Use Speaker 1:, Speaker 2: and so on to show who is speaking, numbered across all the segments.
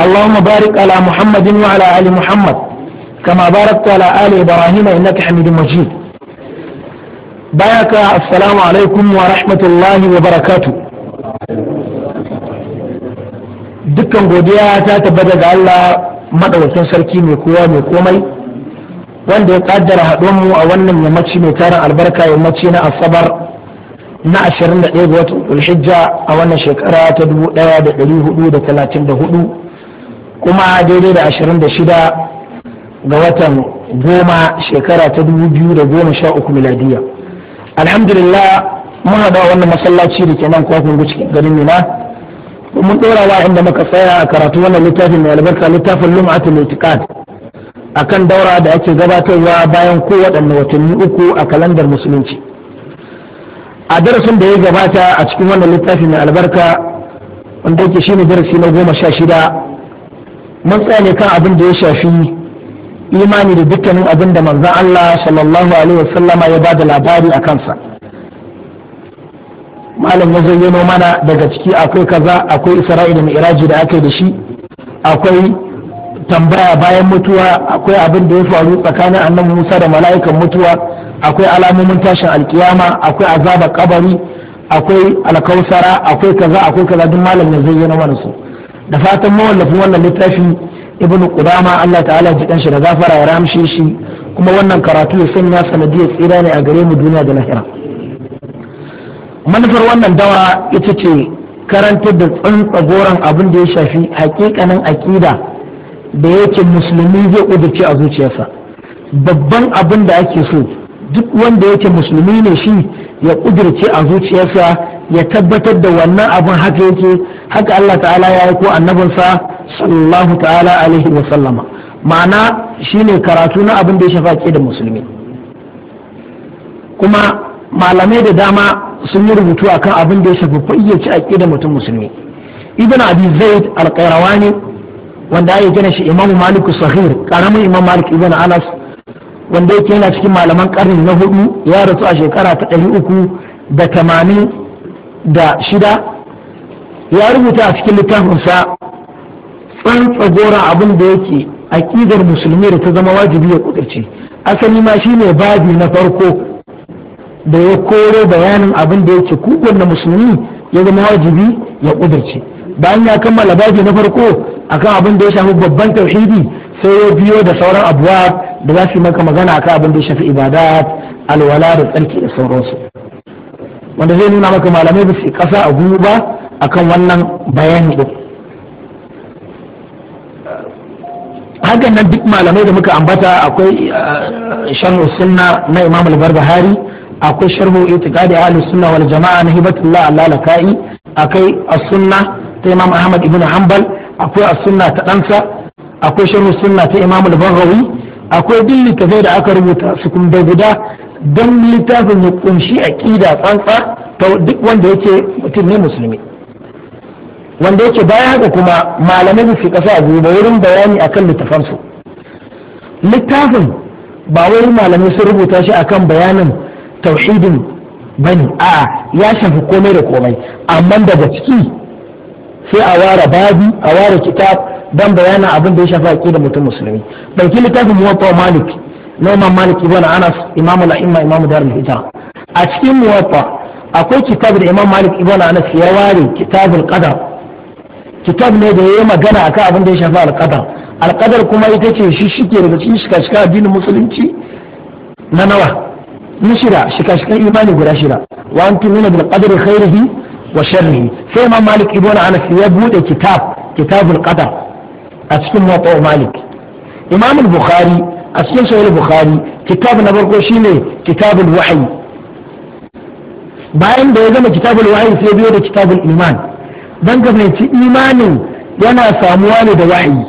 Speaker 1: اللهم بارك على محمد وعلى آل محمد كما باركت على آل إبراهيم إنك حميد مجيد بارك السلام عليكم ورحمة الله وبركاته dukkan godiya ta tabbata ga Allah madawacin sarki mai kowa mai komai wanda ya kaddara haɗon mu a wannan yammaci mai tarin albarka yammaci na asabar na 21 ga watan Dhulhijja a wannan shekara ta 1434 kuma daidai da ashirin da shida ga watan goma shekara ta dubu biyu da goma sha uku miladiya alhamdulillah mun haɗa wannan masallaci da ke nan kwakwan guci garin mina mun ɗora wa inda muka tsaya a karatu wannan littafin mai albarka littafin lum'atul itiqad akan daura da ake gabatarwa bayan kowaɗanne watanni uku a kalandar musulunci a darasin da ya gabata a cikin wannan littafi mai albarka wanda yake shine darasi na goma sha shida mun tsaya ne kan abin da ya shafi imani da dukkanin abin da manzon Allah sallallahu alaihi wasallama ya bada labari a kansa malam ya zayyano mana daga ciki akwai kaza akwai Isra'il da mi'raji da aka yi da shi akwai tambaya bayan mutuwa akwai abin da ya faru tsakanin annabi Musa da mala'ikan mutuwa akwai alamomin tashin alkiyama akwai azabar kabari akwai alkausara akwai kaza akwai kaza duk malam ya zayyano mana su da fatan mawallafin wannan littafin ibnu qudama Allah ta'ala ji shi da gafara ya ramshe shi kuma wannan karatu ya sanya sanadiyar tsira ne a gare mu duniya da lahira manufar wannan dawa ita ce karantar da tsintsa-goron abin da ya shafi hakikanin akida da yake musulmi zai kudurce a zuciyarsa babban abin da ake so duk wanda yake musulmi ne shi ya kudurce a zuciyarsa ya tabbatar da wannan abin haka yake haka Allah ta'ala ya ko annabinsa sallallahu ta'ala alaihi wa sallama ma'ana shine karatu na abin da ya shafa da musulmi kuma malamai da dama sun yi rubutu a kan abin da ya shafi fayyace da mutum musulmi ibn abi zaid al-qayrawani wanda ya gina shi imamu malik sahir karamin imam malik ibn anas wanda yake yana cikin malaman karni na hudu ya rasu a shekara ta ɗari uku da tamanin da shida ya rubuta a cikin littafinsa tsantsa goron abin da yake aƙidar musulmi da ta zama wajibi ya kudirce asali ma shine babi na farko da ya koro bayanin abin da yake na musulmi ya zama wajibi ya kudirce bayan ya kammala babi na farko akan abin da ya shafi babban tauhidi sai ya biyo da sauran abuwa da za su maka magana akan abin da ya shafi ibadat alwala da tsarki da sauransu wanda zai nuna maka malamai ba su kasa a ba. akan wannan bayani din hakan nan duk malamai da muka ambata akwai uh, sharhu sunna na imam al-barbahari akwai sharhu itiqadi ahli sunna wal jama'a na hibatullah allah lakai akwai as-sunna ta imam ahmad ibn hanbal akwai as-sunna ta dansa akwai sharhu sunna ta imam al-baghawi akwai duk littafai da aka rubuta su kuma guda dan littafin ya kunshi aƙida tsantsa ta duk wanda yake mutum ne musulmi wanda yake bayan haka kuma malamai ba su kasa biyu ba wurin bayani akan su littafin ba wai malamai sun rubuta shi a kan bayanin tauhidin bane a ya shafi komai da komai amma daga ciki sai a ware babi a ware kitab dan bayanin abin da ya shafi aqida mutum musulmi dauki littafin muwatta malik na imam malik ibn anas imam al-a'imma imam darul hijra a cikin muwatta akwai kitab da imam malik ibn anas ya ware kitabul qadar kitab ne da yayi magana akan abin da ya shafi alqadar alqadar kuma ita ce shi shike daga cikin shika-shika addinin musulunci na nawa na shida shika shika imani guda shida wa an tumina bil qadri khairihi wa sharrihi sai imam malik ibn anas ya bude kitab kitabul qadar a cikin malik imam bukhari a cikin sahih bukhari kitab na farko shine kitabul wahyi bayan da ya zama kitabul wahyi sai biyo da kitabul iman don ka imanin yana samuwa ne da wa'ayi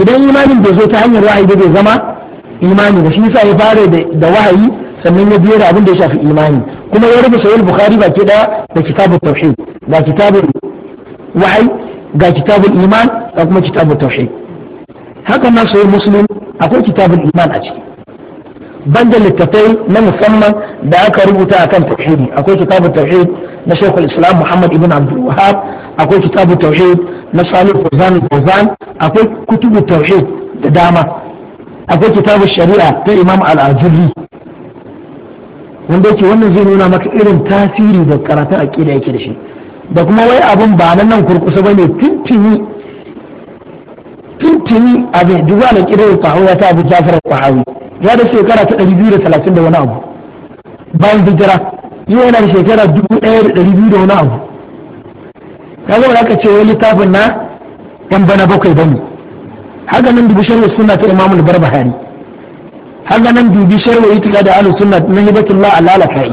Speaker 1: idan imanin bai zo ta hanyar wa'ayi ba zai zama imani da shi yasa ya fara da wahayi sannan ya biyo da abin da ya shafi imani kuma ya rubuta sahih bukhari baki daya da kitabun tauhid ga kitabun wahayi ga iman da kuma kitabun tauhid haka nan sahih muslim akwai kitabun iman a ciki da littattafai na musamman da aka rubuta akan tauhidi akwai kitabun tauhid na shaykhul islam muhammad ibn abdul wahab akwai kitabu tauhid na salih fuzan fuzan akwai kutubu tauhid da dama akwai kitabu shari'a ta imam al ajuri wanda yake wannan zai nuna maka irin tasiri da karatun aqida yake da shi da kuma wai abun ba nan nan kurkusa bane tintini a abin duk wani kirar ya ta abu jafar kwahawi ya da shekara ta 230 da wani abu bayan hijira yau yana da shekara 1200 da wani abu kaga ba ka ce wani littafin na yan bana bakwai bane haka nan dubi sharhi sunna ta imamu al-barbahari haka nan dubi sharhi itiqa da ahlus sunna na hibatullah al-alakai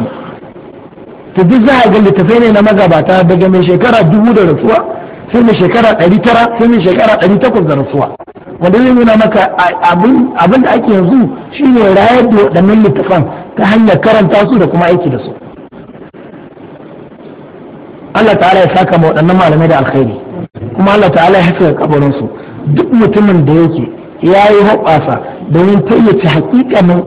Speaker 1: to duk za a ga littafai ne na magabata daga mai shekara dubu da rasuwa sai mai shekara ɗari tara sai mai shekara ɗari takwas da rasuwa wanda zai nuna maka abin da ake yanzu shine rayar da waɗannan littafan ta hanyar karanta su da kuma aiki da su Allah ta'ala ya saka ma waɗannan malamai da alkhairi kuma Allah ta'ala ya haska kabarin su duk mutumin da yake ya yi hoɓasa domin tayyace hakikanin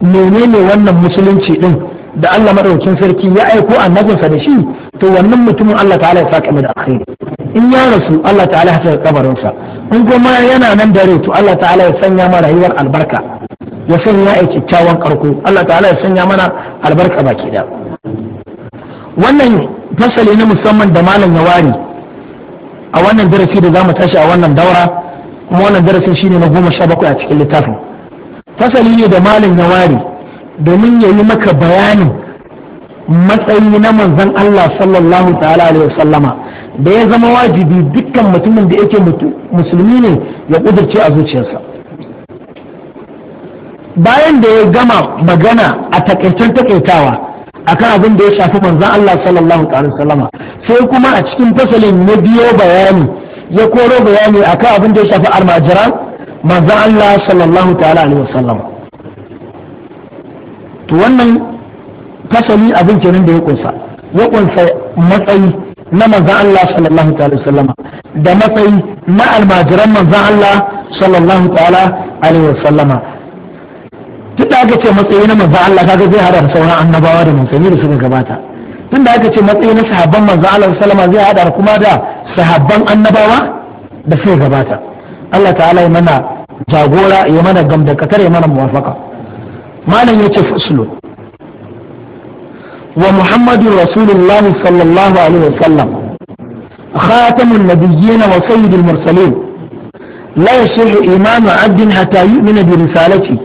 Speaker 1: menene wannan musulunci din da Allah madaukakin sarki ya aiko annabinsa da shi to wannan mutumin Allah ta'ala ya saka mai da alkhairi in ya rasu Allah ta'ala ya saka kabarin sa in kuma yana nan dare to Allah ta'ala ya sanya ma rayuwar albarka ya sanya ya kyakkyawan karko Allah ta'ala ya sanya mana albarka baki da wannan fasali na musamman da malam ya ware a wannan darasi da za mu tashi a wannan daura kuma wannan darasin shine na goma sha bakwai a cikin littafin fasali ne da malam ya ware domin ya yi maka bayanin matsayi na manzon Allah sallallahu ta'ala alaihi wasallama da ya zama wajibi dukkan mutumin da yake musulmi ne ya kudurce a zuciyarsa bayan da ya gama magana a takaicen takaitawa akan abin da ya shafi manzon Allah sallallahu alaihi wasallama sai kuma a cikin fasalin na biyo bayani ya koro bayani akan abin da ya shafi almajiran manzon Allah sallallahu ta'ala alaihi wasallama to wannan fasali abin kenan da ya kunsa ya kunsa matsayi na manzon Allah sallallahu ta'ala alaihi wasallama da matsayi na almajiran manzon Allah sallallahu ta'ala alaihi wasallama tun da aka ce matsayi na manzan Allah kaga zai hada da sauran annabawa da manzanni da suka gabata tun da aka ce matsayi na sahabban manzan Allah sallama zai hada da kuma da sahabban annabawa da suka gabata Allah ta'ala ya mana jagora ya mana gamdakatar ya mana muwafaka malam yace fuslu wa muhammadur rasulullah sallallahu alaihi wasallam خاتم النبيين وسيد المرسلين لا يصح إمام عبد حتى يؤمن برسالته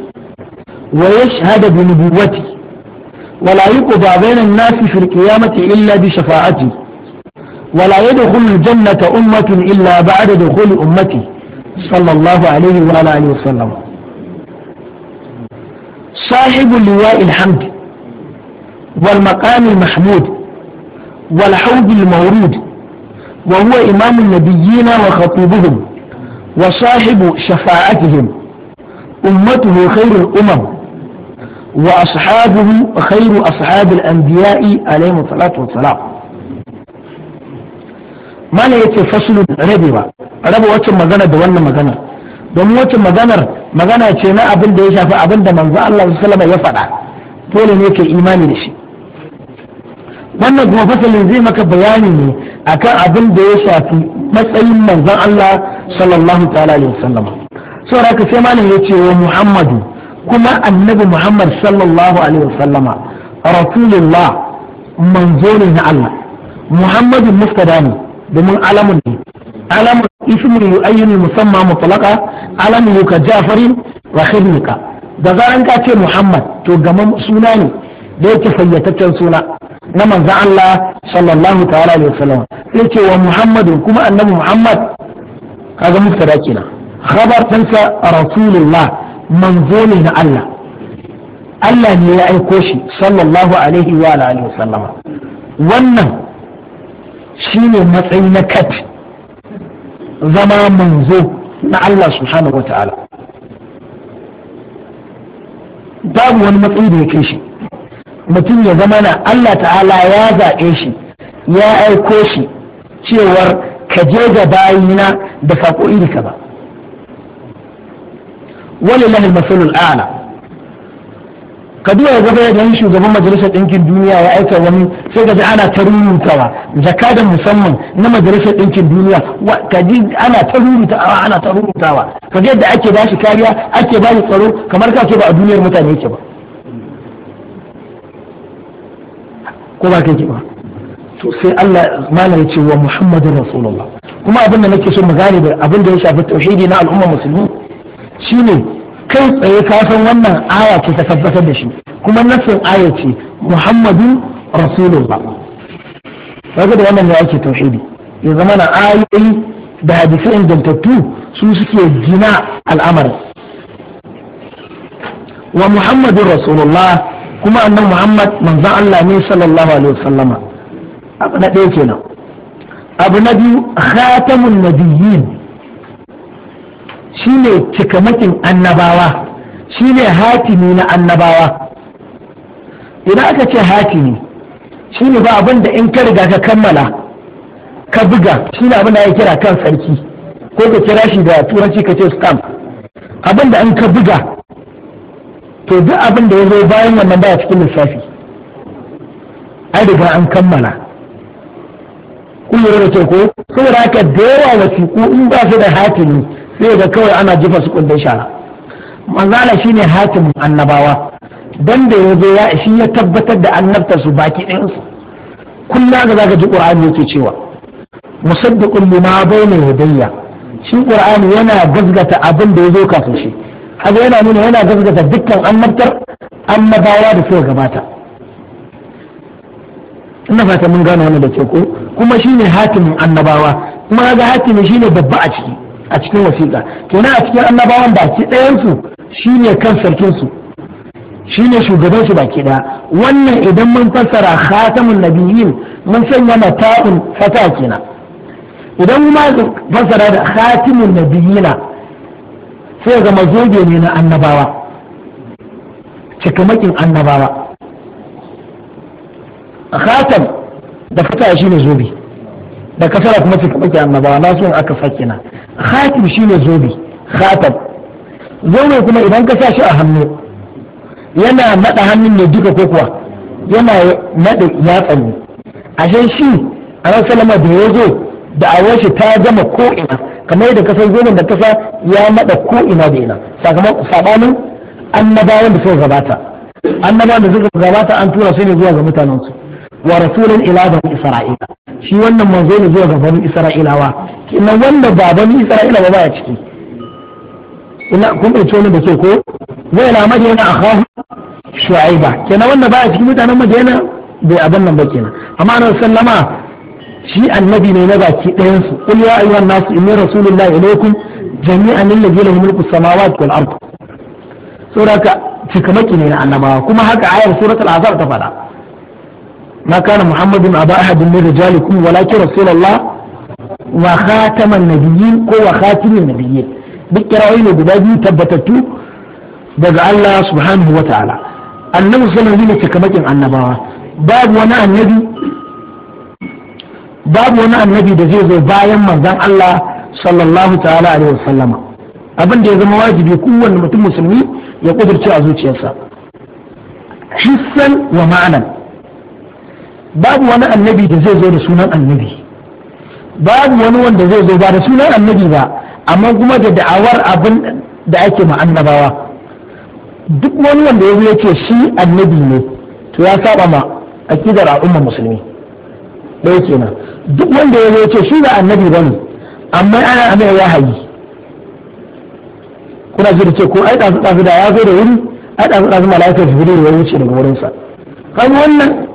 Speaker 1: ويشهد بنبوتي ولا يقضى بين الناس في القيامة إلا بشفاعتي ولا يدخل الجنة أمة إلا بعد دخول أمتي صلى الله عليه وعلى آله وسلم صاحب اللواء الحمد والمقام المحمود والحوض المورود وهو إمام النبيين وخطيبهم وصاحب شفاعتهم أمته خير الأمم wa ashabuhu khairu ashabil anbiya'i alaihi salatu wassalam mana yace faslu rabewa raba wacce magana da wannan magana domin wacce maganar magana ce na abin ya shafi abin da Allah sallallahu ya faɗa dole ne ka imani da shi wannan kuma fasalin zai maka bayani ne akan abin da ya shafi matsayin manzon Allah sallallahu alaihi haka sai malam ya ce wa Muhammadu kuma annabi muhammad sallallahu alaihi wasallama rasulullah manzo ne na allah muhammadu muftada ne domin alamun ne alamun ismi yu'ayyinu musamma mutlaqa alamu ka jafarin wa khidnika da zaran ka ce muhammad to gaman suna ne da yake fayyataccen suna na manzan Allah sallallahu ta'ala alaihi wasallam sai ce wa Muhammadu kuma annabi Muhammad kaga muftada kenan khabar tansa rasulullah manzo ne na Allah Allah ne ya aiko shi sallallahu alaihi wa alihi wasallama wannan shine matsayi na kat zama manzo na Allah subhanahu wata'ala babu wani matsayi da ya kai shi mutum ya zama na Allah ta'ala ya zaɓe shi ya aiko shi cewar ka je ga bayina da saƙo iri ka ba walillahi al-masalul a'la ka duba gaba yadda shugaban majalisar ɗinkin duniya ya aika wani sai ka ana ta rurutawa zakka da musamman na majalisar ɗinkin duniya ka ji ana ta rurutawa ana ta rurutawa ka ji yadda ake bashi kariya ake bashi tsaro kamar ka ce ba a duniyar mutane yake ba ko ba kai ba to sai Allah malam ce wa Muhammadur Rasulullah kuma abin da nake so mu gane da abin da ya shafi tauhidi na al'ummar musulmi shine kai tsaye ka san wannan aya ce ta tabbatar da shi kuma nassin aya ce muhammadu rasulullah kaga da wannan ya ake tauhidi ya zama na ayoyi da hadisai ingantattu su suke gina al'amarin wa muhammadu rasulullah kuma annan muhammad manzon allah ne sallallahu alaihi wasallama abu na ɗaya kenan abu na biyu khatamun nabiyyin Shi ne cikamakin annabawa Shi ne hatimi na annabawa idan aka ce hatimi shi ne ba abin da in ka riga ka kammala ka buga shine abin da ya kira kan sarki ko ka kira shi da turanci ka ce stamp abin da in ka buga to duk abin da ya zo bayan wannan baya cikin lissafi an riga an kammala kun da ce ko saboda haka da yawa wasiƙu in ba su da hatimi sai ga kawai ana jifa su kundin shara manzala shine hatimin annabawa dan da ya zo ya shi ya tabbatar da annabtar su baki ɗinsu. su kullum ga zaka ji qur'ani yake cewa musaddiqun lima bayna yadayya shi qur'ani yana gazgata abin da ya zo kafin shi haka yana nuna yana gazgata dukkan annabtar annabawa da suka gabata ina fata mun gane wannan da ke ko kuma shine hatimin annabawa kuma ga hatimi ne babba a ciki a cikin wasiƙa kenan a cikin annabawan baki ɗayansu shine kan sarkinsu shine shugabansu baki ɗaya wannan idan mun fassara khatamun nabiyyin mun sanya mata'un fata kenan idan kuma fassara da khatimun nabiyyina sai zama zobe ne na annabawa cikamakin annabawa khatam da fata shine zobe da kasara kuma sai ka baki annabawa na so aka sake na shi ne zobe hatab zobe kuma idan ka sa shi a hannu yana naɗa hannun ne duka ko kuwa yana nada a ashe shi a salama da ya zo da a ta gama ko'ina kamar yadda kasar zobe da kasa ya naɗa ko'ina da ina sakamakon sabanin annabawan da suka gabata annabawan da suka gabata an tura su ne zuwa ga mutanensu wa rasulun ila bani isra'ila shi wannan manzo ne zuwa ga bani isra'ilawa kina wanda ba bani isra'ila ba baya ciki ina kun bai tona da ke ko "Wai na madina akhahu shu'aiba kina wanda baya ciki mutanen madina bai abin nan ba kenan amma annabi sallama shi annabi ne na baki ɗayan su qul ya ayyuhan nasu inni rasulullahi ilaykum jami'an alladhi lahu mulku samawati wal ard saboda ka cikamaki ne na annabawa kuma haka ayar suratul azab ta faɗa ما كان محمد أبا أحد من رجالكم ولكن رسول الله وخاتم النبيين هو خاتم النبيين بالقراءين قبادي تبتتو دقى الله سبحانه وتعالى النبي صلى الله عليه وسلم كمكين النبوة باب وناء النبي باب وناء النبي دزيز بايا مردان الله صلى الله تعالى عليه وسلم abin da ya zama wajibi kowanne mutum musulmi ya kudurce a zuciyarsa hissan wa ma'anan babu wani annabi da zai zo da sunan annabi babu wani wanda zai zo ba da sunan annabi ba amma kuma da da'awar abin da ake ma annabawa duk wani wanda ya ya ce shi annabi ne to ya saba ma akidar al'umma musulmi ɗaya kenan duk wanda ya ya ce shi ba annabi bane amma ana ana ya hayi kuna ji da ce ko ai ɗazu ɗazu da ya zo da wuri ai ɗazu ɗazu mala'ikar jibril ya wuce daga wurinsa kan wannan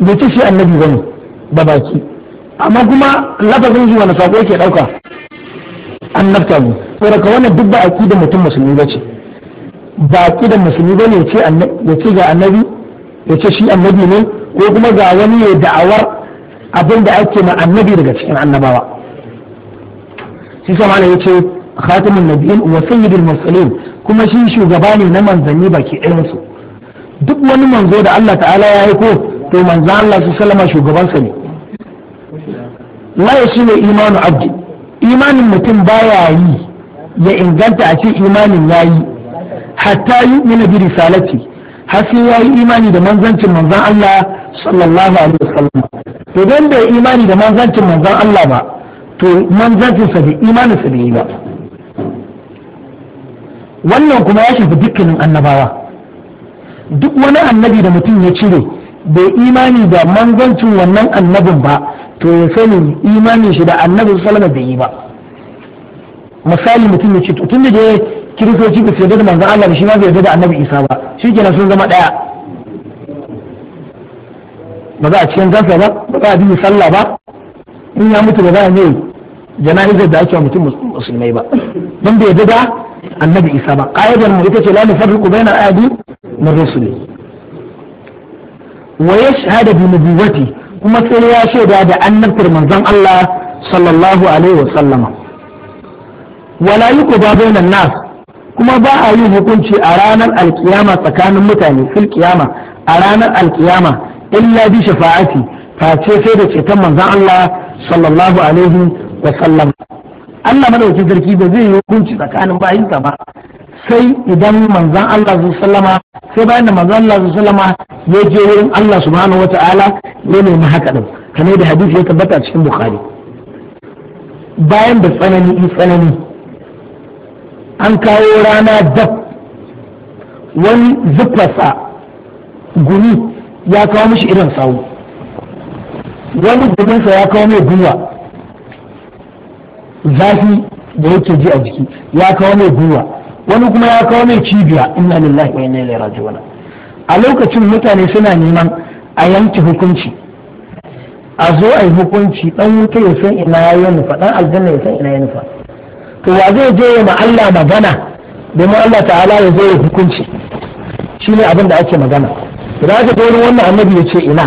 Speaker 1: bai ce shi annabi ba ne ba baki amma kuma lafazin shi wani sako yake ɗauka annabta ne saboda wannan duk ba da mutum musulmi ba ce ba da musulmi ba ne ya ce ga annabi ya ce shi annabi ne ko kuma ga wani ya da'awar abin da ake ma annabi daga cikin annabawa shi sama ya ce khatimun nabiyyin wa sayyidul mursalin kuma shi shugaba ne na manzanni baki ɗayan su duk wani manzo da Allah ta'ala ya aiko to manzo Allah su sallama shugabansa ne waye shi ne imanu abdi imanin mutum baya yi ya inganta a ce imanin yayi hatta yu'mina bi risalati har sai yayi imani da manzancin manzon Allah sallallahu alaihi wasallam to dan da imani da manzancin manzon Allah ba to manzancin sa da imanin sa ba wannan kuma ya shafi dukkanin annabawa duk wani annabi da mutum ya cire bai imani da manzancin wannan annabin ba to ya sani imanin shi da annabi salama bai yi ba misali mutum ya ce to tun da kiristoci ba su yarda da manzon Allah shi ma bai yarda da annabi Isa ba shi kenan sun zama daya ba za a cikin gansa ba ba za a bi sallah ba in ya mutu ba za a yi jana'izar da ake wa mutum musulmai ba don bai yarda da annabi Isa ba qaidar mu ita ce la nufarriqu baina ahadi min rusuli wa shahada bi nubuwati kuma sai ya shaida da annabtar manzon Allah sallallahu alaihi wa sallama wala yuqda bainan nas kuma ba a yi hukunci a ranar alkiyama tsakanin mutane fil kiyama a ranar alkiyama illa bi shafa'ati face sai da ceton manzon Allah sallallahu alaihi wa Allah maɗauki sarki ba zai yi hukunci tsakanin bayinsa ba sai idan manzan Allah sallama sai bayan da manzan Allah sallama ya je wurin Allah subhanahu wata'ala ya nemi haka din kamar da hadisi ya tabbata cikin bukhari bayan da tsanani tsanani an kawo rana dab wani zufarsa gumi ya kawo mishi irin sawu wani gudunsa ya kawo mai gwiwa zafi da yake ji a jiki ya kawo mai gwiwa wani kuma ya kawo mai cibiya inna lillahi wa inna ilaihi raji'un a lokacin mutane suna neman a yanke hukunci a zo a yi hukunci dan wuta ya san ina ya yi nufa dan aljanna ya san ina ya nufa to wa zai je ma Allah magana domin Allah ta'ala ya zo ya hukunci shine abin da ake magana idan aka je wurin wannan annabi ya ce ina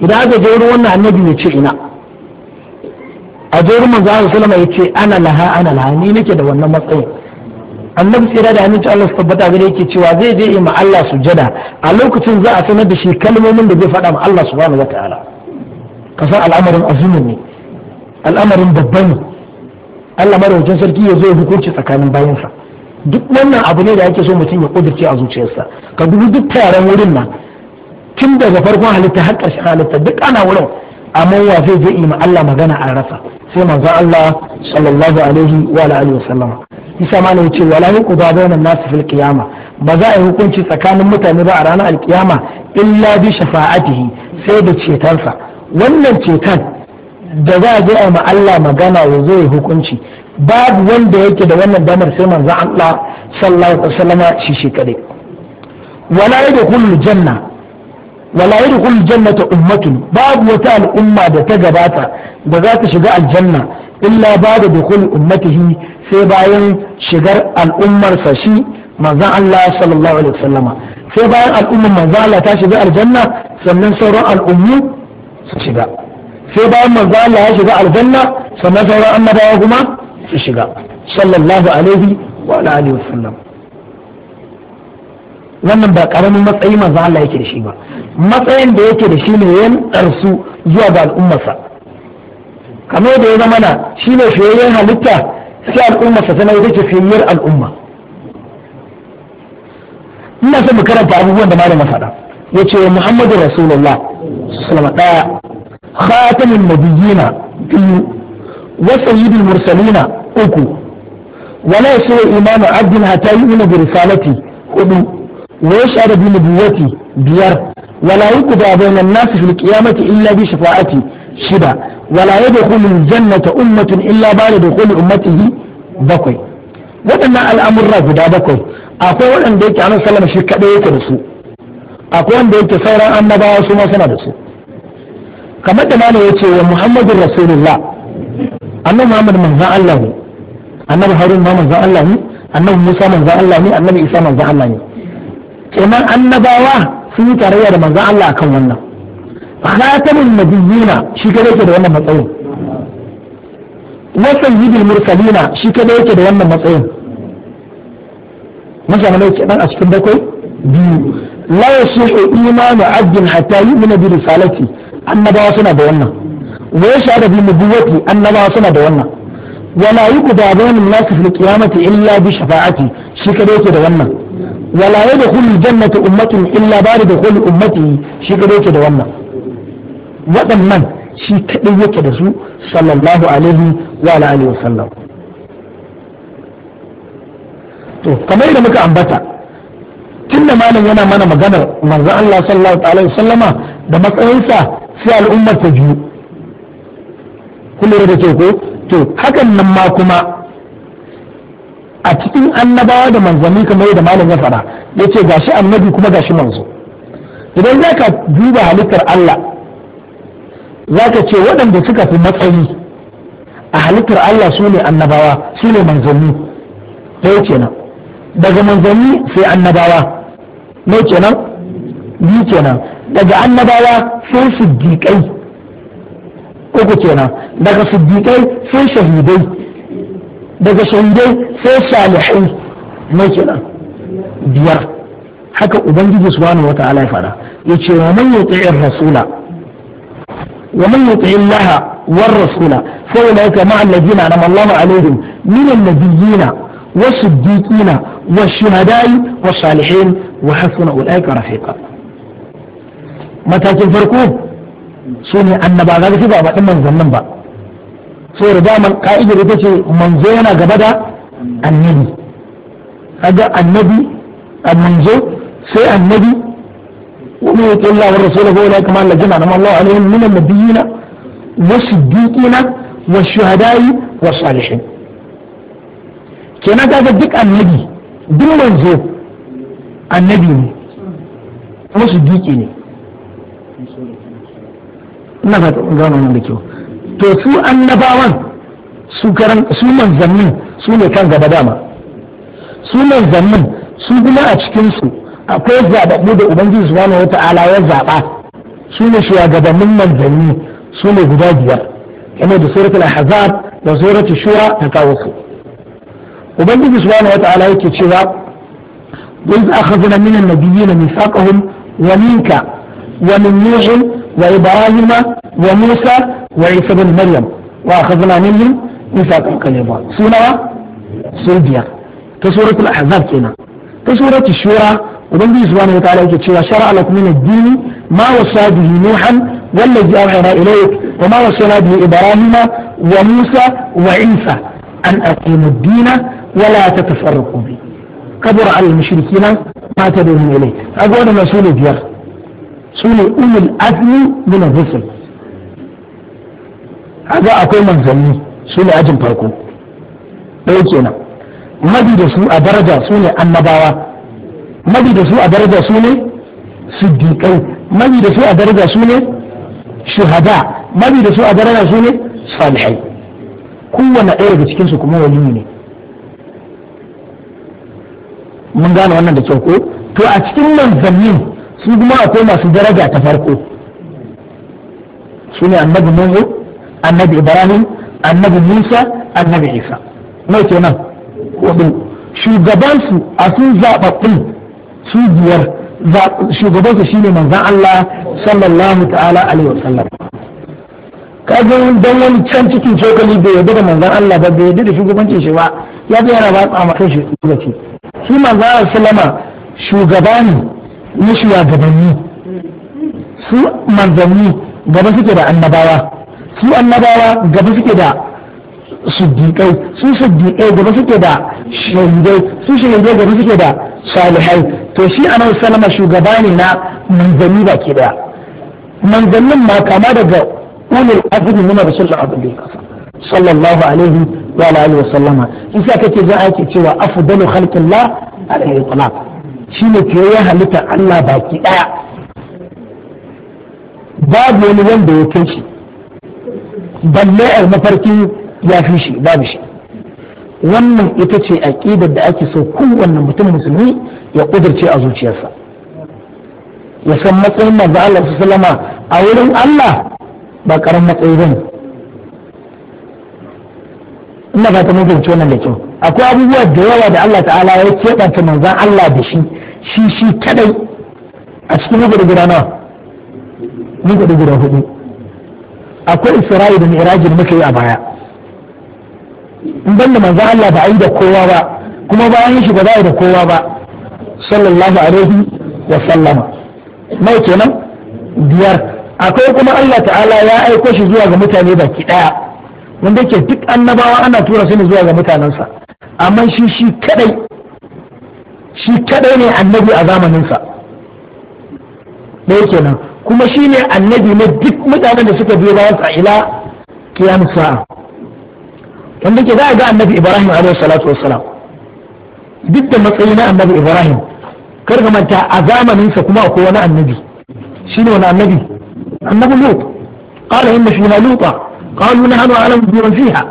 Speaker 1: idan aka je wurin wannan annabi ya ce ina a jerin manzo Allah sallama ya ce ana laha ana laha ni nake da wannan matsayin annabi tsira da aminci Allah su tabbata gare yake cewa zai je ma Allah sujada a lokacin za a sanar da shi kalmomin da zai faɗa ma Allah subhanahu wataala kasar al'amarin azumin ne al'amarin babba ne Allah maraucin sarki ya zo ya hukunci tsakanin bayansa duk wannan abu ne da yake so mutum ya kudurce a zuciyarsa ka dubi duk taron wurin nan tun daga farkon halitta har ƙarshen halitta duk ana wurin amma wa zai je ma Allah magana a rasa sai manzo Allah sallallahu alaihi wa alihi isa ma ne yace wala yuqda bayna an-nas fil ba za a yi hukunci tsakanin mutane ba a ranar alkiyama illa bi shafa'atihi sai da cetonsa wannan ceton da za a je a Allah magana ya zo ya hukunci babu wanda yake da wannan damar sai manzon Allah sallallahu alaihi wasallama shi shi kadai wala yadkhulul janna wala yadkhulul jannata ummatun babu wata al'umma da ta gabata da za ta shiga aljanna illa ba da dukul ummatihi sai bayan shigar al'ummarsa shi manzon Allah sallallahu alaihi wasallama sai bayan al'ummar manzon Allah ta shiga aljanna sannan sauran al'ummu su shiga sai bayan manzon Allah ya shiga aljanna sannan sauran annabawa kuma su shiga sallallahu alaihi wa alihi wasallam wannan ba karamin matsayi manzo Allah yake da shi ba matsayin da yake da shi ne yan tsarsu zuwa ga al'ummarsa kamar da ya zama na shi ne shoyayyen halitta sai al'umma sa sanar da ke fiyar al'umma ina son mu karanta abubuwan da malama faɗa ya ce muhammadu rasulullah salama ɗaya khatamin nabiyyina biyu wa sayyidul mursalina uku wala yasu wa addin abdin hatta yu'mina bi risalati huɗu. wa yashhadu bi nubuwwati biyar wala yuqda bayna an-nasi fil qiyamati illa bi shafa'ati shida wala yadkhulul jannata ummatin illa ba da dukhul ummatihi bakwai waɗannan al'amurra guda bakwai akwai waɗanda yake annabi sallama shi kadai yake da su akwai wanda yake sauran annabawa su ma suna da su kamar da malam yace wa muhammadur rasulullah annabi muhammad manzon Allah ne annabi harun ma manzon Allah ne annabi musa manzon Allah ne annabi isa manzon Allah ne kenan annabawa sun yi tarayya da manzon Allah akan wannan khatamin nabiyina shi kada yake da wannan matsayin wa sayyidul mursalina shi kada yake da wannan matsayin masana mai kenan a cikin bakwai biyu la yasihu imanu abdin hatta yu'mina bi risalati annabawa suna da wannan wa yashhadu bi nubuwwati annabawa suna da wannan wala yuqda bainal nas fil qiyamati illa bi shafa'ati shi kada yake da wannan wala yadkhulu ummatin da shi da wannan waɗannan shi kaɗai yake da su sallallahu alaihi wa alihi wa sallam to kamar da muka ambata tun da malam yana mana maganar manzo Allah sallallahu alaihi wa sallama da matsayinsa sai al'ummar ta ji kullum da ke ko to hakan nan ma kuma a cikin annabawa da manzanni kamar yadda malam ya fara yace ce gashi annabi kuma gashi manzo idan zaka duba halittar Allah za ka ce waɗanda suka fi matsayi a halittar Allah su ne annabawa su ne manzanni ɗaya kenan daga manzanni sai annabawa ne kenan biyu kenan daga annabawa sai siddiƙai uku kenan daga siddiƙai sai shahidai daga shahidai sai salihai ne kenan biyar haka ubangiji subhanahu wata'ala ya fara yace wa man yuti'ir rasula ومن يطع الله والرسول فأولئك مع الذين أنعم الله عليهم من النبيين والصديقين والشهداء والصالحين وحسن أولئك رفيقا matakin farko su ne annaba ga ba ba din manzannin ba sai daman ka'idar ita ce manzo yana gaba da annabi kaga annabi manzo sai annabi ومن يطع الله aka فاولئك مع الذين انعم الله عليهم من النبيين والصديقين والشهداء والصالحين kenan kaga duk annabi duk manzo annabi ne kuma su ne ina fata gano kyau to su annabawan su karan su manzannin su ne kan gaba dama su manzannin su kuma a cikinsu. akwai zaɓaɓɓu da ubangiji subhanahu wa ta'ala ya zaɓa su ne shugabannin manzanni su ne guda biyar kamar da suratul ahzab da suratul shura ta kawo su ubangiji subhanahu wa ta'ala yake cewa wa minka wa min nuh wa ibrahim wa musa wa isa ibn maryam wa akhadna minhum ميثاقا غليظا sunawa sudiya ta suratul ahzab kenan ta suratul shura ubangiji subhanahu wa ta'ala yake cewa shar'a lakum min ad-din ma wasa bihi nuhan wallazi ja'ana ilayk wa ma wasa bihi ibrahima wa musa wa isa an aqimu ad-din wa la tatafarraqu bi kabur al-mushrikeena ma tadun ilayk aga wannan sunu biyar sunu ulul azmi min ar-rusul akwai manzanni sunu ajin farko dai kenan madi da su a daraja sunu annabawa mabi da su a daraja su ne siddiqai mabi da su a daraja su ne shuhada mabi da su a daraja su ne salihai kowanne ɗaya daga cikin su kuma waliyu ne mun gane wannan da kyau ko to a cikin manzannin su kuma akwai masu daraja ta farko su ne annabi nuhu annabi ibrahim annabi musa annabi isa mai kenan hudu shugabansu a sun zaɓaɓɓun su biyar shugabansu shine manzon Allah sallallahu ta'ala alaihi wasallam kaga dan wani can cikin cokali bai yarda da manzon Allah ba bai yadda da shugabancin shi ba ya bi yana ba a makan shi lokaci shi manzon Allah sallama shugaba ne na shugabanni su manzanni gaba suke da annabawa su annabawa gaba suke da siddiƙai su siddiƙai gaba suke da shahidai su shahidai gaba suke da salihai to shi a nan salama shugaba ne na manzanni baki daya manzannin ma kama daga Umar ulul azmi min rasulullah abdul sallallahu alaihi wa alihi wa sallama isa kake za a ke cewa afdalu khalqillah alaihi talaq shine fiye halitta Allah baki daya babu wani wanda ya kai shi balle a mafarkin ya fi shi babu shi wannan ita ce aƙidar da ake so kowanne mutum musulmi ya ƙudurce a zuciyarsa ya san matsayin manzo Allah su salama a wurin Allah ba ƙaran matsayi bane ina ba ta mutunci wannan da kyau akwai abubuwa da yawa da Allah ta'ala ya keɓanta manzan Allah da shi shi shi kadai a cikin gudu guda nawa mun gudu guda hudu akwai isra'i da mi'raji da muka yi a baya in da manzo Allah ba a yi da kowa ba kuma bayan shi ba za a yi da kowa ba sallallahu alaihi wa sallama mai kenan biyar akwai kuma Allah ta'ala ya aiko shi zuwa ga mutane baki daya wanda ke duk annabawa ana tura su ne zuwa ga mutanensa amma shi shi kadai shi kadai ne annabi a zamaninsa ɗaya kenan kuma shi ne annabi ne duk mutanen da suka biyo bayan sa ila kiyamu sa'a wanda ke za a ga annabi ibrahim alaihi salatu wassalam duk da matsayi na annabi ibrahim kar ka manta a zamaninsa kuma akwai wani annabi shine wani annabi annabi lut qala inna fiha luta qalu nahnu a'lamu biman fiha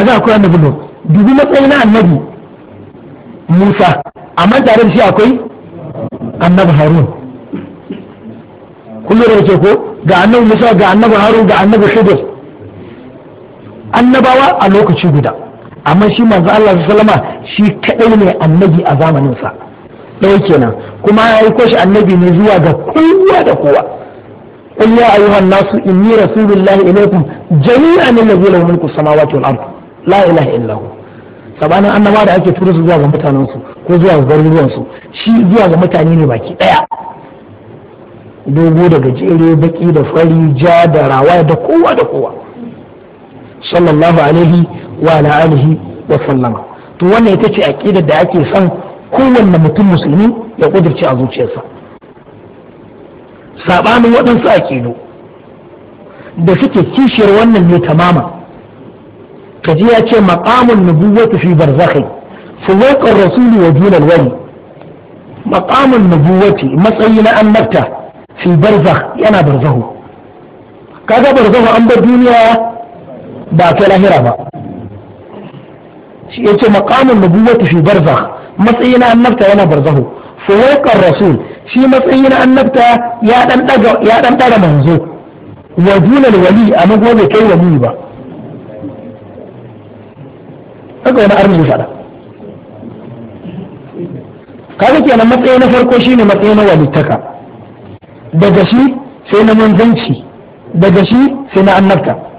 Speaker 1: aga akwai annabi lut dubi matsayi na annabi musa amma tare da shi akwai annabi harun kullum da ke ko ga annabi musa ga annabi harun ga annabi khidir annabawa a lokaci guda amma shi manzo Allah sallama shi kadai ne annabi a zamanin sa dai kenan kuma ya aiko shi annabi ne zuwa ga kowa da kowa qul ya ayuha nasu inni rasulullahi ilaykum jami'an alladhi lahu mulku samawati wal ardi la ilaha illa hu sabana annaba da ake turo su zuwa ga mutanen su ko zuwa ga garuruwan su shi zuwa ga mutane ne baki daya dogo da gajere baki da fari ja da rawaya da kowa da kowa sallallahu alaihi wa ala alihi wa sallama to wannan ita ce aqidar da ake son kowanne mutum musulmi ya kudirce a zuciyarsa sabanin waɗansu aqidu da suke kishiyar wannan ne tamama kaji ya ce maqamun nubuwwati fi barzakhi فوق الرسول ودون الولي مقام النبوة matsayi na annabta fi barzakh yana barzahu ga barzahu an bar duniya ba kai lahira ba shi yace maqamun nubuwwati fi barzakh matsayi na annabta yana barzahu fawqar rasul shi matsayi na annabta ya dan daga ya dan daga manzo wa dunal wali a mago bai kai wali ba haka wani ya fada kaga kenan matsayi na farko shine matsayi na walittaka daga shi sai na manzanci daga shi sai na annabta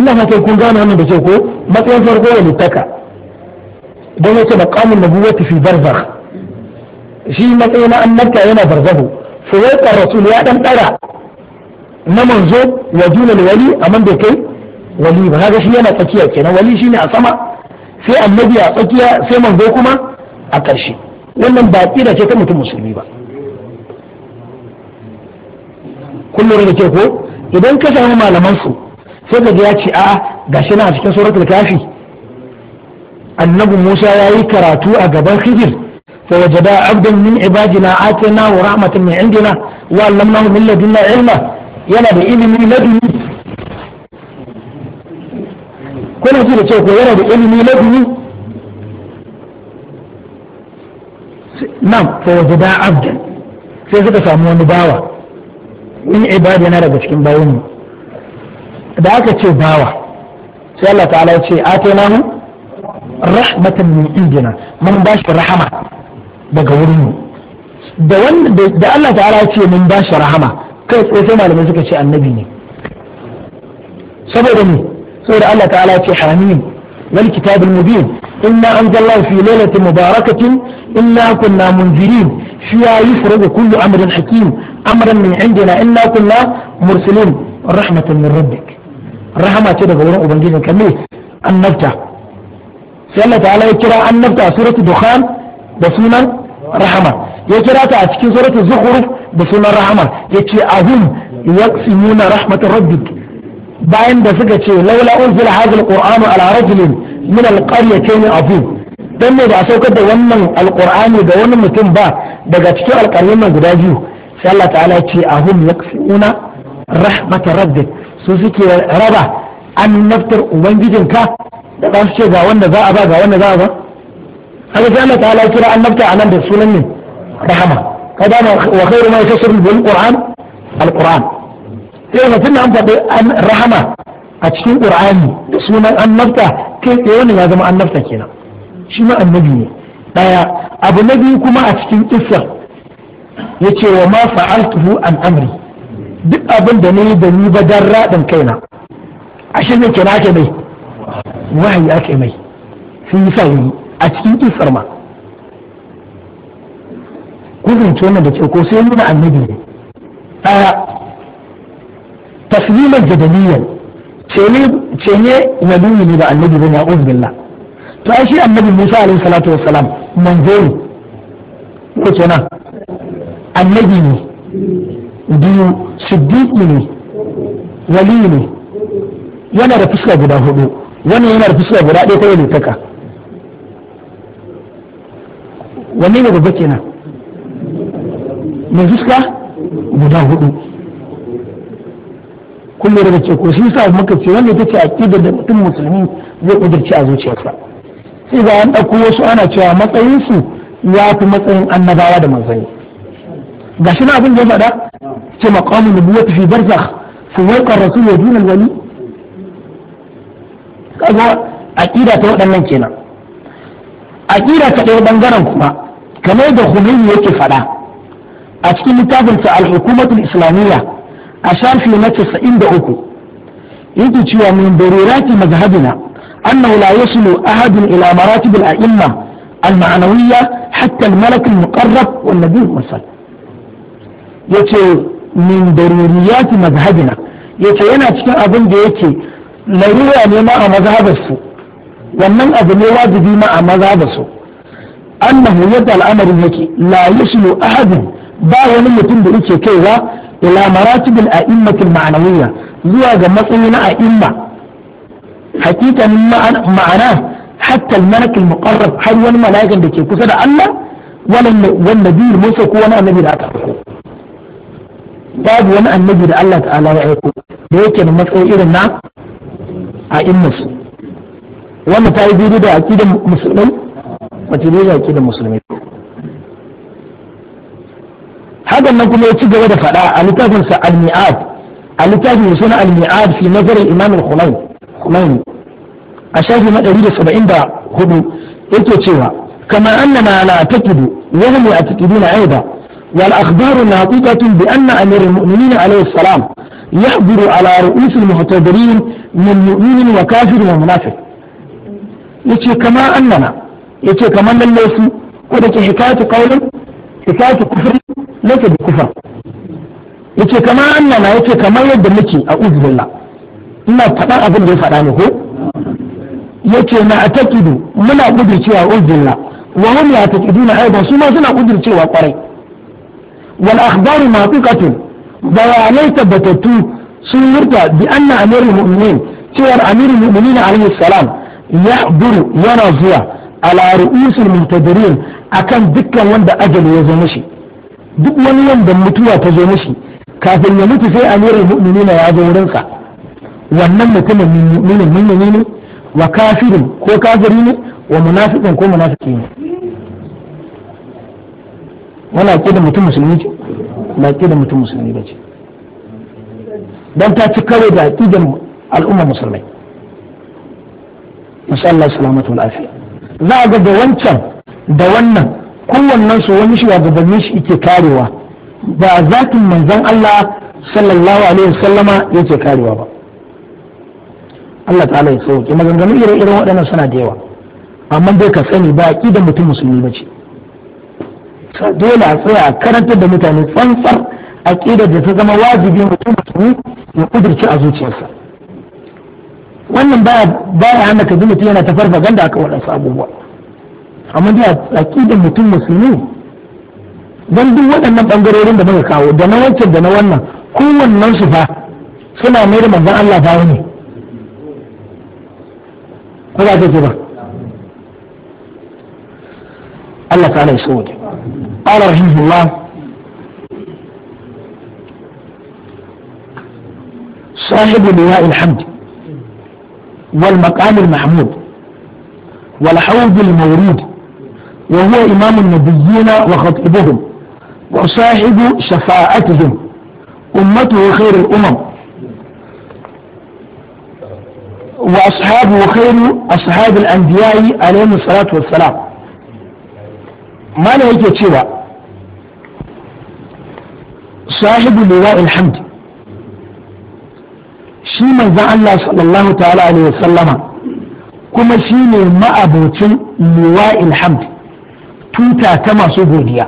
Speaker 1: ina fata kun gane wannan da ke ko matsayin farko ya mutaka don yake maqamun nubuwati fi barzakh shi matsayi na annabta yana barzahu fawaiqar rasul ya dan dara na manzo wa da wali man da kai wali ba kaga shi yana tsakiya kenan wali shine a sama sai annabi a tsakiya sai manzo kuma a ƙarshe wannan ba ƙira ce ta mutum musulmi ba kullum da ke ko idan ka samu malaman su sai ka ya ce a gashi na a cikin suratul kafi annabi Musa ya yi karatu a gaban Khidir fa wajada abdan min ibadina atina wa rahmatan min indina wa allamnahu min ladunna ilma yana da ilimi laduni kuna ji da cewa ko yana da ilimi laduni nan fa wajada abdan sai suka samu wani bawa min ibadina daga cikin bayanmu da aka ce bawa sai Allah ta'ala ya ce atainahu rahmatan min indina mun bashi rahama daga wurin da wanda da Allah ta'ala ya ce mun bashi rahama kai tsaye sai malamai suka ce annabi ne saboda ne saboda Allah ta'ala ya ce haramin wal kitabul mubin إنا أنزلناه lailatin ليلة inna kunna كنا منذرين فيها يفرق kullu أمر hakim أمرا من عندنا إنا kunna مرسلين rahmatan من ربك rahama ce daga wurin ubangijin ka annabta sai Allah ta'ala ya kira annabta a suratul dukhan da sunan rahama ya kira ta a cikin suratul zukhruf da sunan rahama yace ahum yaqsimuna rahmat rabbik bayan da suka ce laula unzila hadha alqur'anu ala rajulin min alqaryatayn azim dan ne ba a saukar da wannan alqur'ani ga wani mutum ba daga cikin alqaryun nan guda biyu sai Allah ta'ala ya ce ahum yaqsimuna rahmat rabbik su suke raba annabtar ubangijinka da za su ce ga wanda za a ba ga wanda za a ba haka sai Allah ta'ala kira annabta anan da sunan ne rahama kada ma wa khairu ma yakshuru bil qur'an al qur'an sai mutum an faɗi rahama a cikin qur'ani da sunan annabta kai tsaye ne ya zama annabta kenan shi ma annabi ne daya abu na biyu kuma a cikin kissa yace wa ma fa'altuhu an amri duk abin da ne da ni ba dan radin kaina ashe ne ke ake mai wahayi ake mai sun yi sa yi a cikin isar ma kuzinci wannan da ko sai nuna annabi ne a tasliman jadaliyan ce ne waliyu ne ba annabi ne ya billah to ai shi annabi Musa alaihi salatu wassalam manzo ne ko kenan annabi ne biyu siddiqi ne wali ne
Speaker 2: yana da fuska guda hudu
Speaker 1: wannan yana da fuska guda ɗaya kawai ne taka wanne ne babba kenan mai fuska guda hudu kullum da ce ko shi sa muka ce wanda ta ce aqidar da mutum musulmi zai kudurci a zuciyarsa sai ga an ɗauko wasu ana cewa matsayinsu ya fi matsayin annabawa da manzanni ga shi na abin da ya faɗa ce maqamun nubuwati fi barzakh su waqa rasul wa dunal wali kaga aqida ta waɗannan kenan aƙida ta ɗaya bangaren kuma kamar da Khomeini yake faɗa a cikin littafin sa al-hukumatul islamiyya a shafi na 93 yake cewa min darurati mazhabina annahu la yasulu ahadun ila maratib al-a'imma المعنوية حتى الملك المقرب والنبي المرسل yace min daruriyati mazhabina yace yana cikin abin da yake larura ne ma a mazhabarsu wannan abu ne wajibi ma a mazhabarsu annahu yadda al'amarin yake la yuslu ba wani mutum da yake kaiwa ila maratibil a'immatil ma'anawiyya zuwa ga matsayi na a'imma ma'ana hatta al-malak al-muqarrab har wani mala'ikan da ke kusa da Allah wannan nabi Musa ko wani annabi da aka aiko babu wani annabi da Allah ta'ala ya aiko da yake da matsayi irin na a innasu wannan ta yi daidai da aƙidar musulmai wace daidai da aƙidar musulmai hakan nan kuma ya ci gaba da faɗa a littafinsa al-mi'ad a littafin mai suna al-mi'ad fi nazarin imam al-khulayn a shafi na ɗari da saba'in da hudu yake cewa kamar annana na takidu wani ne a takiduna aiba والأخبار الناطقة بأن أمير المؤمنين عليه السلام يحضر على رؤوس المعتبرين من مؤمن وكافر ومنافق yace kama annana yace kamar lallai su ko da ke hikayatu qaulin hikayatu kufr bi yace kama annana yace kamar yadda muke a uzbillah ina faɗa abin da ya faɗa ne ko yace na atakidu muna kudircewa uzbillah wa hum la atakiduna aidan su ma suna kudircewa kwarai wal akhbaru mafiqatun bayanai tabbatattu sun yurta bi anna amirul mu'minin cewar amirul mu'minin alaihi salam yahduru yana zuwa ala ru'usul muntadirin akan dukkan wanda ajali ya zo mishi duk wani wanda mutuwa ta zo mishi kafin ya mutu sai amirul mu'minin ya zo wurinsa wannan mutumin mu'minin mu'mini ne wa kafirin ko kafiri ne wa munafiqin ko munafiki wani da mutum musulmi ce ba da mutum musulmi ba ce don ta ci kawai da aƙidar al'ummar musulmai musallar salamatu lafiya za a ga da wancan da wannan kowannen su wani shi shugabanni shi ke karewa ba zatin manzon Allah sallallahu alaihi wasallama yake karewa ba Allah ta'ala ya sauke maganganun ire-iren waɗannan suna da yawa amma dai ka sani ba da mutum musulmi ba ce dole a tsaya karantar da mutane tsantsar a da ta zama wajibi mutum mutum ya kudurci a zuciyarsa wannan baya baya hana ka mutum yana ta ganda aka waɗansu abubuwa amma dai da aƙidar mutum musulmi don duk waɗannan ɓangarorin da muka kawo da na wancan da na wannan kowannen su fa suna mai da manzon Allah ba wani ko ba ta ba Allah ta ya so wajen قال رحمه الله صاحب لواء الحمد والمقام المحمود والحوض المورود وهو إمام النبيين وخطيبهم وصاحب شفاعتهم أمته خير الأمم وأصحابه خير أصحاب الأنبياء عليهم الصلاة والسلام ما لا يجي sahibu liwa alhamd shi manzon Allah sallallahu ta'ala alaihi wasallama kuma shi ne ma'abocin liwa alhamd tuta ta masu godiya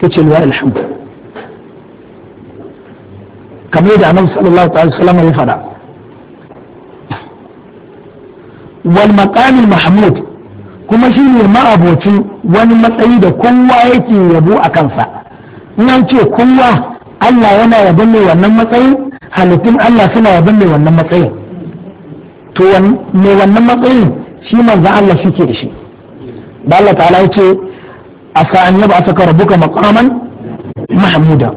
Speaker 1: ta ce liwa alhamd kamar da annabi sallallahu ta'ala ya faɗa wal maqamil mahmud kuma shi ne ma'abocin wani matsayi da kowa yake yabo a kansa nan ce kowa Allah yana yabon mai wannan matsayin halittun Allah suna yabon mai wannan matsayin to mai wannan matsayin shi manzo Allah suke da shi da Allah ta'ala ya ce asa an yaba asaka rabbuka maqaman mahmuda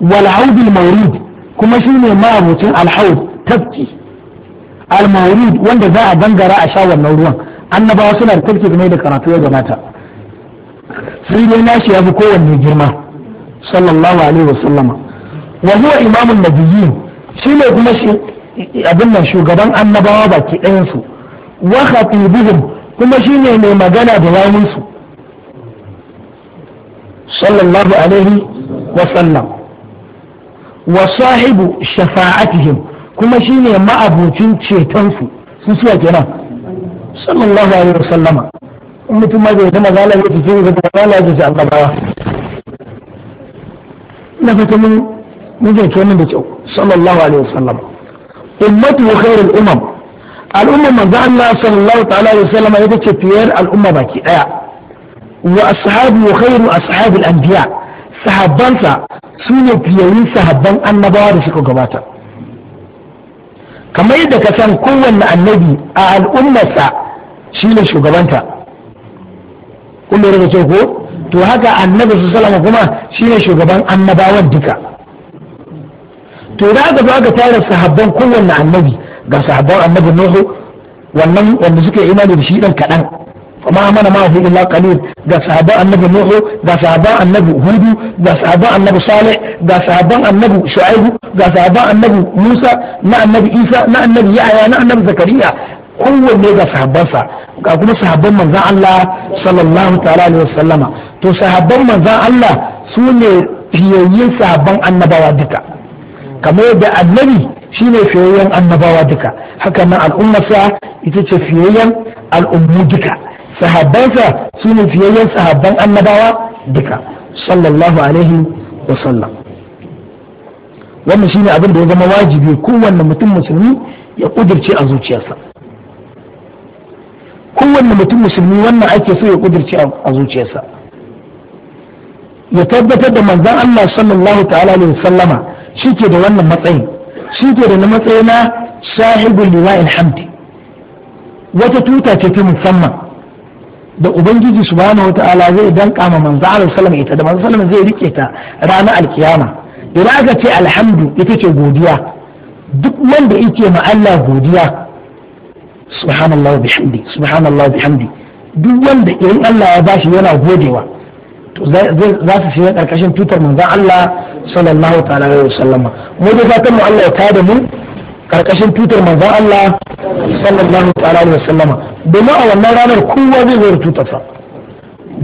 Speaker 1: wal haud al mawrid kuma shine ma'abucin al haud tafki al mawrid wanda za a gangara a sha wannan ruwan annabawa suna da tafki game da karatu ya gabata sai dai nashi ya fi kowanne girma sallallahu alaihi wasallama wa huwa imamul nabiyyin shi ne kuma abin nan shugaban annabawa baki ɗayan su wa khatibuhum kuma shi mai magana da yawun su sallallahu alaihi wasallam wa sahibu shafa'atihim kuma shi ma'abocin ceton su su suwa sallallahu alaihi wasallama in mutum ma bai zama na fata mun mun zai wannan da kyau sallallahu alaihi wasallam ummatu khairul umam al'umma manzo Allah sallallahu ta'ala alaihi wasallam ita ce fiyar al'umma baki daya wa ashabu khairu ashabil anbiya sahabbansa sune ne fiyayin sahabban annabawa da suka gabata kamar yadda ka san kowanne annabi a al'ummarsa shine shugabanta kullum da ko to haka annabi su salama kuma shine shugaban annabawan duka to da aka zo aka tara sahabban kowanne annabi ga sahabban annabi nuhu wannan wanda suka yi imani da shi dan kaɗan kuma mana ma hu illa qalil ga sahabban annabi nuhu ga sahabban annabi hudu ga sahabban annabi salih ga sahabban annabi shu'aibu ga sahabban annabi musa na annabi isa na annabi yahya na annabi zakariya kowanne ga sahabbansa ga kuma sahabban manzan Allah sallallahu ta'ala alaihi to sahabban manzan Allah su ne fiyayyen sahabban annabawa duka kamar yadda annabi shi ne fiyayyen annabawa duka haka nan al'ummarsa ita ce fiyayyen al'ummu duka sahabbansa su ne fiyayyen sahabban annabawa duka sallallahu alaihi wasallam wannan shine abin da ya zama wajibi kowanne mutum musulmi ya kudirce a zuciyarsa kowanne mutum musulmi wannan ake so ya kudirce a zuciyarsa ya tabbatar da manzon Allah sallallahu ta'ala alaihi shi ke da wannan matsayin shike da na matsayi na sahibul liwa'il hamdi wata tuta ce ta musamman da ubangiji subhanahu ta'ala zai danka ma manzon Allah ita da manzon sallallahu zai rike ta ranar alkiyama idan aka ce alhamdu ita ce godiya duk wanda yake ma Allah godiya subhanallah bihamdi subhanallah bihamdi duk wanda in Allah ya bashi yana godewa to za su shiga karkashin tutar manzon Allah sallallahu ta'ala alaihi wasallama mu da fatan mu Allah ya tada mu karkashin tutar manzon Allah sallallahu ta'ala alaihi wasallama dama a wannan ranar kowa zai zo da tutarsa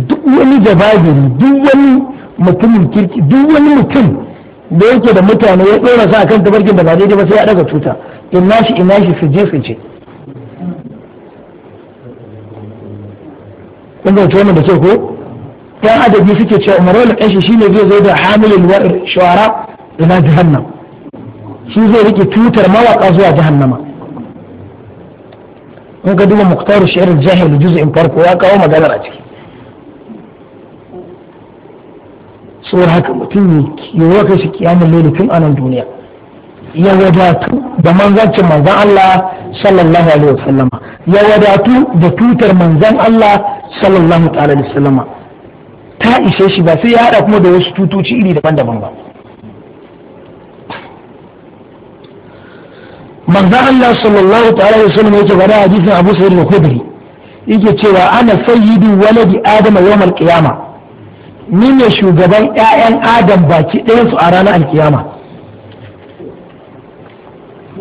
Speaker 1: duk wani jabagiri duk wani mutumin kirki duk wani mutum da yake da mutane ya dora sa akan tabarkin da ba daidai ba sai ya daga tuta inna shi inna shi su je su ce kun zai wannan da ke ko dan adabi suke cewa umarul shi shine zai zo da hamilul wa'ir shawara ila jahannam shi zai rike tutar mawaka zuwa jahannama in ka duba muktar shi'ar jahil juz'in farko ya kawo maganar a ciki saboda haka mutum ya waka shi kiyamun lele tun anan duniya ya wadatu da manzancin manzan Allah sallallahu alaihi wasallama ya wadatu da tutar manzan Allah sallallahu ta'ala da sallama ta ishe shi ba sai ya hada kuma da wasu tutoci iri daban-daban ba manzo Allah sallallahu ta'ala da sallama yake a hadisin Abu Sa'id da khudri yake cewa ana sayyidu waladi Adam yawm al-qiyama ni ne shugaban ƴaƴan Adam baki ɗayan su a ranar al-qiyama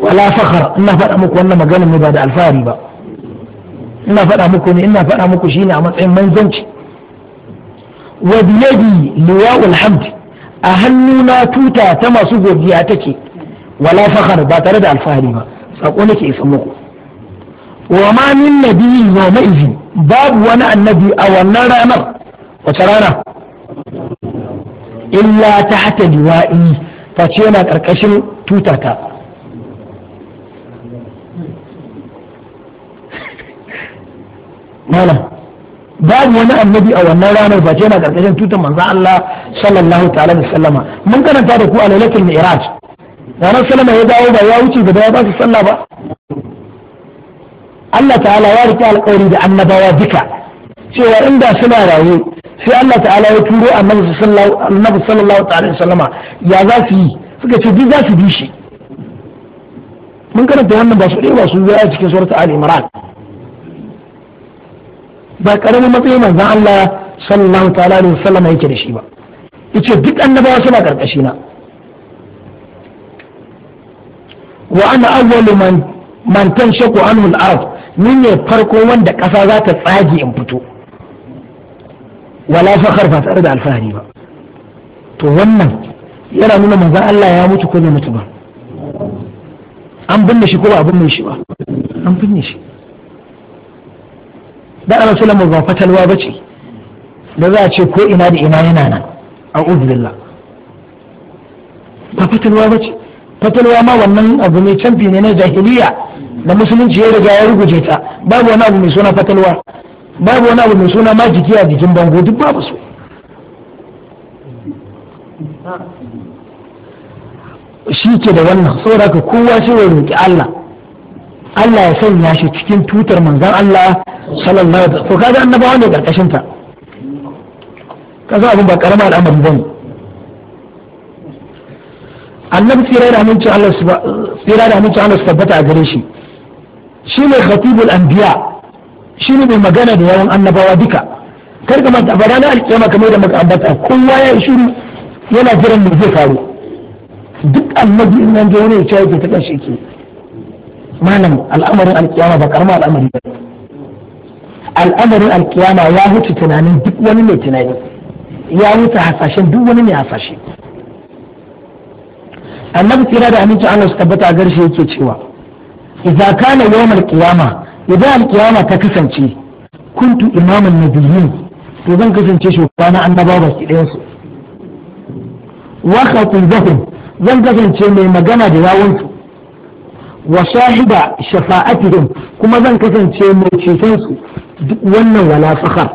Speaker 1: wala fakhar ina faɗa muku wannan magana ne ba da alfahari ba ina faɗa muku ne ina faɗa muku shine a matsayin manzanci wa biyadi liwa'ul hamd a hannuna tuta ta masu godiya take wala fakhar ba tare da alfahari ba sako nake isa muku wa ma min nabiyyi wa ma'izi babu wani annabi a wannan ranar wace rana illa ta hata liwa'i face yana karkashin tutata malam babu wani annabi a wannan ranar ba ce yana karkashin tutan manzon Allah sallallahu ta'ala da sallama mun karanta da ku a lailatul mi'raj ranar sallama ya dawo ba ya wuce gaba ya ba su sallah ba Allah ta'ala ya rike alƙawari da annabawa duka cewa inda suna rayu sai Allah ta'ala ya turo annabi sallallahu ta'ala da sallama ya za su yi suka ce duk za su bi shi mun karanta wannan ba su ɗaya ba su zai cikin suratul ali imran ba karamin matsayin manzon Allah sallallahu ta'ala alaihi wasallam yake da shi ba yace duk annabawa suna karkashi na wa ana awwalu man man tanshaku anhu al-ard ni ne farko wanda kasa za ta tsage in fito wala fakhar ba tare da alfahari ba to wannan yana nuna manzon Allah ya mutu ko bai mutu ba an binne shi ko ba a binne shi ba an binne shi dan annabi sallallahu ba fatalwa bace da za a ce ko ina da ina yana nan a'udhu billah ba fatalwa bace fatalwa ma wannan abu ne canfi ne na jahiliya da musulunci ya riga ya ruguje ta babu wani abu mai suna fatalwa babu wani abu mai suna ma jiki a jikin bango duk babu su shi ke da wannan saboda ka kowa shi roƙi Allah Allah ya sanya shi cikin tutar manzan Allah sallallahu alaihi wasallam kaga annabawa ne karkashin ta kaza abin ba karama al'amari bane annabi tsira da aminci Allah tsira da aminci Allah tabbata a gare shi shine khatibul anbiya shine mai magana da yawan annabawa duka kar ka manta barana alkiyama kamar da muka ambata kowa ya shiru yana jiran me zai faru duk annabi in nan je wani ya ce ta kashe ke malam al'amarin alkiyama ba karamar al'amari ba al'amarin alkiyama ya wuce tunanin duk wani mai tunani ya wuce hasashen duk wani mai hasashe annabi tira da aminci Allah su tabbata a garshe yake cewa idza kana yawmal qiyama idan alkiyama ta kasance kuntu imaman nabiyyin to zan kasance shugaba na annabawa ki ɗayan su wa khatibahum zan kasance mai magana da yawunsu wa shahida shafa'atihim kuma zan kasance mai ceton su duk wannan wala fakhar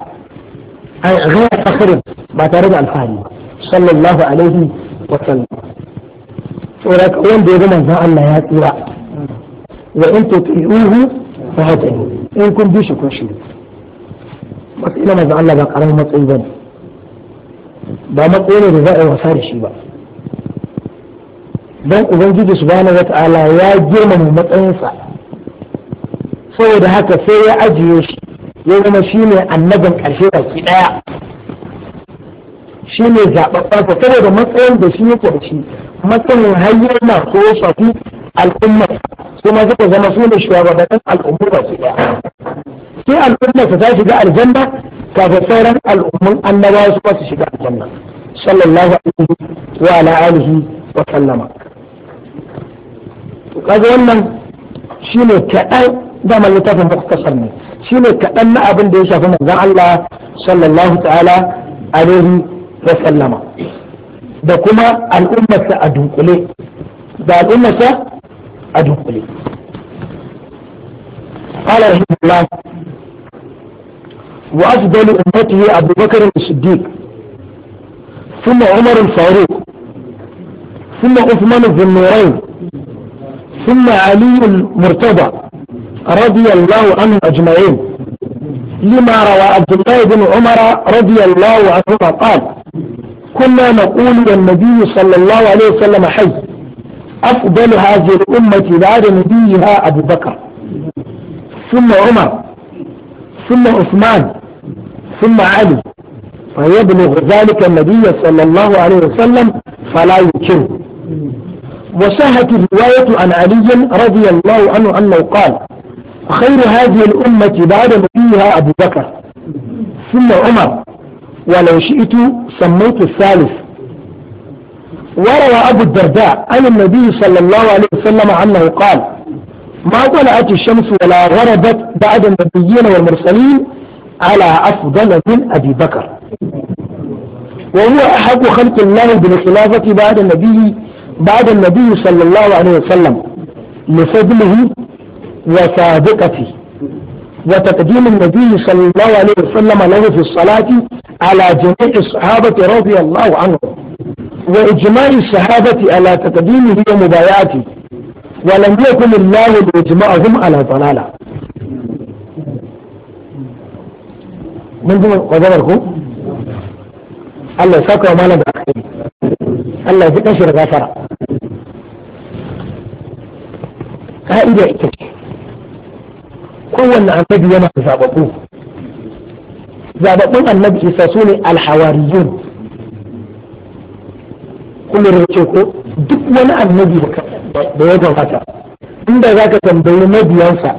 Speaker 1: ai ghayr fakhrin ba tare da alfahari sallallahu alaihi wa sallam tsora wanda ya ga manzon Allah ya tsira wa in tuti'uhu fa hatani in kun bi shi kun shi matsayina manzon Allah ba karamin matsayi bane ba matsayi ne da za a yi wasa da shi ba don ubangiji subhanahu wata'ala ya girmama matsayinsa saboda haka sai ya ajiye shi ya zama shi ne annabin ƙarshe baki ɗaya shi ne zaɓaɓɓa ta saboda matsayin da shi yake da shi matsayin hanyar na ko shafi al'ummar su ma suka zama su ne shugabannin al'ummar baki ɗaya sai al'ummar ta shiga aljanna kafin sauran al'ummun annabawa su su shiga aljanna sallallahu alaihi wa ala alihi wa sallama to kaga wannan shine kaɗan damar littafin muktasar ne shine kaɗan na abin da ya shafi manzon Allah sallallahu ta'ala alaihi wa sallama da kuma al'ummarsa a dunkule da al'ummarsa a dunkule قال رحمه الله وأفضل أمته أبو بكر الصديق ثم عمر الفاروق ثم عثمان بن النورين ثم علي المرتضى رضي الله عنهم أجمعين لما روى عبد الله بن عمر رضي الله عنهما قال كنا نقول للنبي صلى الله عليه وسلم حي أفضل هذه الأمة بعد نبيها أبو بكر ثم عمر ثم عثمان ثم علي فيبلغ ذلك النبي صلى الله عليه وسلم فلا يكره وصحت الرواية عن علي رضي الله عنه أنه قال خير هذه الأمة بعد نبيها أبو بكر ثم عمر ولو شئت سميت الثالث وروى أبو الدرداء عن النبي صلى الله عليه وسلم أنه قال ما طلعت الشمس ولا غربت بعد النبيين والمرسلين على أفضل من أبي بكر وهو أحق خلق الله بالخلافة بعد النبي بعد النبي صلى الله عليه وسلم لفضله وسابقته وتقديم النبي صلى الله عليه وسلم له في الصلاة على جميع الصحابة رضي الله عنهم وإجماع الصحابة على تقديمه ومبايعته ولم يكن الله ليجمعهم على ضلالة من قدركم الله يسكر مالا بأخير Allah ya da gafara ka'ida ita ce kowanne annabi yana da zababbu zababbun annabi isa su ne alhawariyun kuma da ko duk wani annabi da ya gafata inda za ka tambayi mabiyansa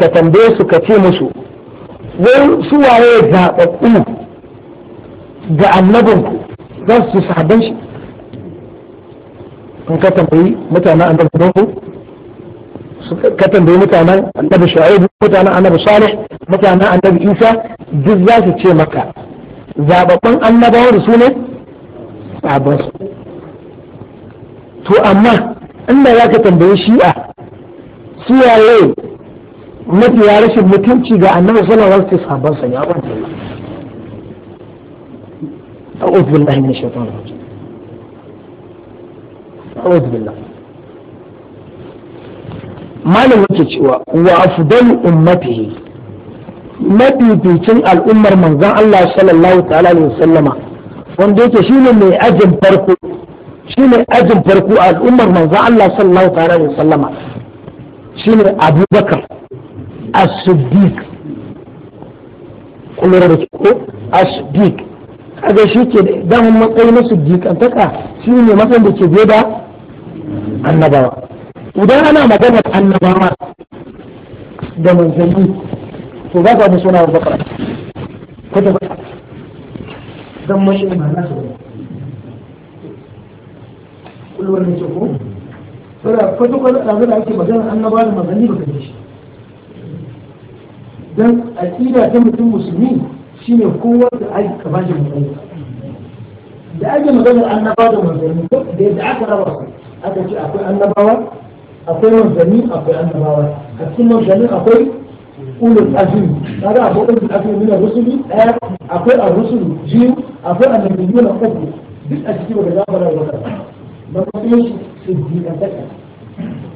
Speaker 1: ka tambaye su ka ce musu wai su waye zaɓaɓɓu ga annabinku za su ce sahabban shi in ka tambayi mutanen annabi nuhu ka tambayi mutanen annabi shu'aibu mutanen annabi salih mutanen annabi isa duk za su ce maka zababban annabawa da su ne sahabban su to amma inda za ka tambayi shi'a su yaye mafiya rashin mutunci ga annabi sallallahu alaihi wasallam sahabban sa ya wanda أعوذ بالله من الشيطان الرجيم أعوذ بالله ما نوكي وأفضل أمته mafificin al'ummar manzon Allah sallallahu ta'ala alaihi wasallama wanda yake shine mai ajin farko shine ajin farko al'ummar manzon Allah sallallahu ta'ala alaihi wasallama shine Abu Bakar As-Siddiq kullu da ko as kaga shi ke damun matsayi na siddiƙantaka shi ne matsayin da ke biye da annabawa idan ana maganar annabawa da manzanni to za ka musu na bakar kwata kwata dan mashi ma na su kullu wannan ce ko saboda kwata kwata da da ake maganar annabawa da manzanni ba ka ji shi dan aqida ta mutum musulmi shine kowa da aka ba shi matsayi da ake maganar annabawa da manzanni ko da yadda aka raba su aka ce akwai annabawa akwai manzanni akwai annabawa a cikin manzanni akwai ulul azim kaga akwai ulul azim min rusuli daya akwai ar-rusul biyu akwai annabiyuna uku duk a cikin da za Ba wa kaza da matsayin su siddiqan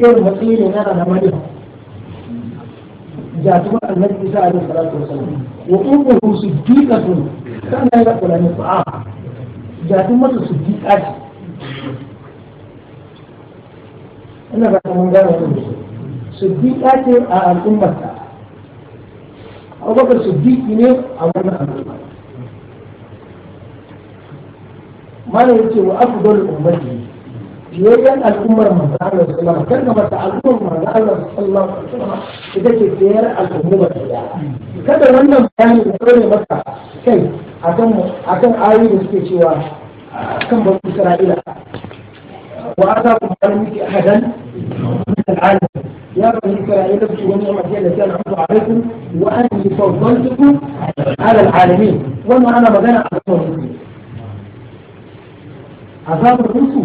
Speaker 1: irin matsayin ne na da mali da kuma annabi isa alaihi salatu wasallam wa ummuhu siddiqatun kana ya kula ne fa'a kuma siddiqa ce ina ba gane siddiqa ce a abubakar siddiqi ne a wannan al'umma malam yace wa afdalul ummati fiyayyen al'ummar manzo Allah sallallahu alaihi wasallam kada al'ummar manzo Allah sallallahu alaihi wasallam ita ce fiyar al'ummar da kada wannan bayani ya dole maka kai akan akan ayoyi da suke cewa kan babu Isra'ila wa atakum al-mulki ahadan min al-alam يا بني إسرائيل اذكروا نعمتي التي أنعمت عليكم وأني فضلتكم على العالمين وما أنا مدانا أعطيكم أعطاكم الرسل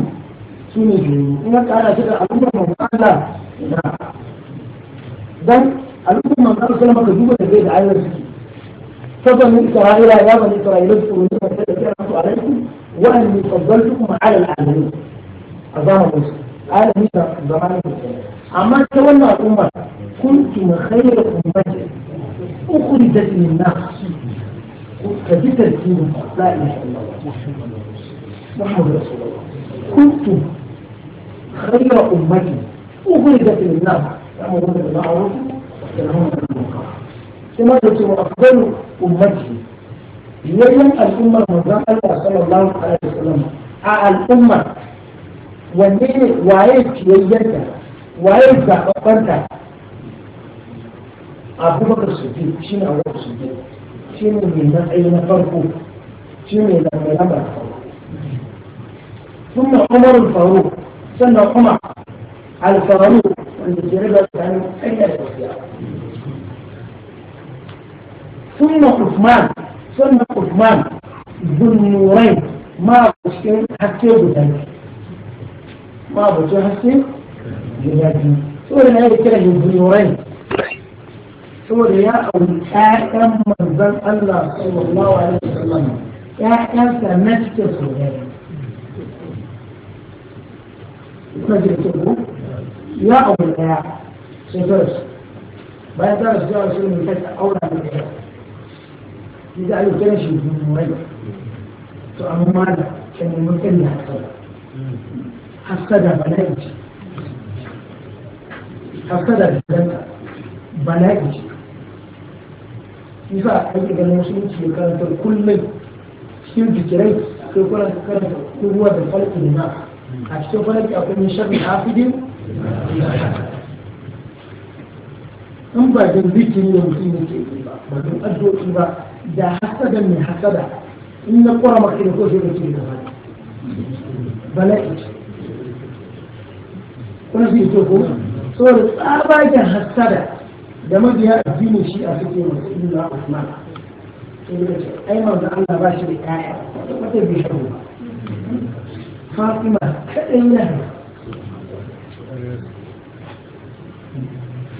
Speaker 1: su ne jini in aka ana shi al'ummar manzon Allah dan al'ummar manzon Allah sallama ka duba da zai da ayar suke فبني إسرائيل يا بني إسرائيل اذكروا نعمة التي أنعمت عليكم وأني فضلتكم على العالمين أظام موسى عالمين زمان أما تولى الأمة كنتم خير أمة أخرجت للناس كذلك الدين لا إله إلا الله محمد رسول الله كنتم خير أمتي أخرجت للناس يأمرون بالمعروف وينهون عن المنكر كما تقول أفضل أمتي يجب الأمة مزام الله صلى الله عليه وسلم الأمة wanne waye ciyayyarta waye zaɓaɓɓanta abubakar sufi shi ne abubakar sufi shi ne mai matsayi na farko من ne da mai lamar farko ثم عمر الفاروق سنة kuma على wanda ke riba ثم عثمان ثم عثمان بن نورين ما بشكل حتى بذلك ما بشكل حتى بذلك سورة هذه كلمة ذو سورة سوريا أو حاكم من ذن الله صلى الله عليه وسلم يحكم سمسك سوريا kuna jin ko ya abu daya sai ta rasu bayan ta rasu ta rasu ne ta aura da daya ni da ayyuka ne shi mai to amma da kan mutum ne hasada hasada bala'i ce hasada da danta bala'i ce yasa ake ganin musulunci ya karanta kullum shi cikin fikirai kai kuna karanta ruwa da falki na هتشوف لك أقول من شر حافظ أم بعد ذلك اليوم تيني كيف بعد أن أدو إبا إذا حسد من حسد إن القرى ما كنت أخذ إلى تيني هذا بلأت كنا في إتوكو صورة أبا إذا حسد لما جاء الدين الشيء أفكي مسئل الله أثمان أي ما أنت أنا باشر كائر ما تبيشه fatima kaɗai ya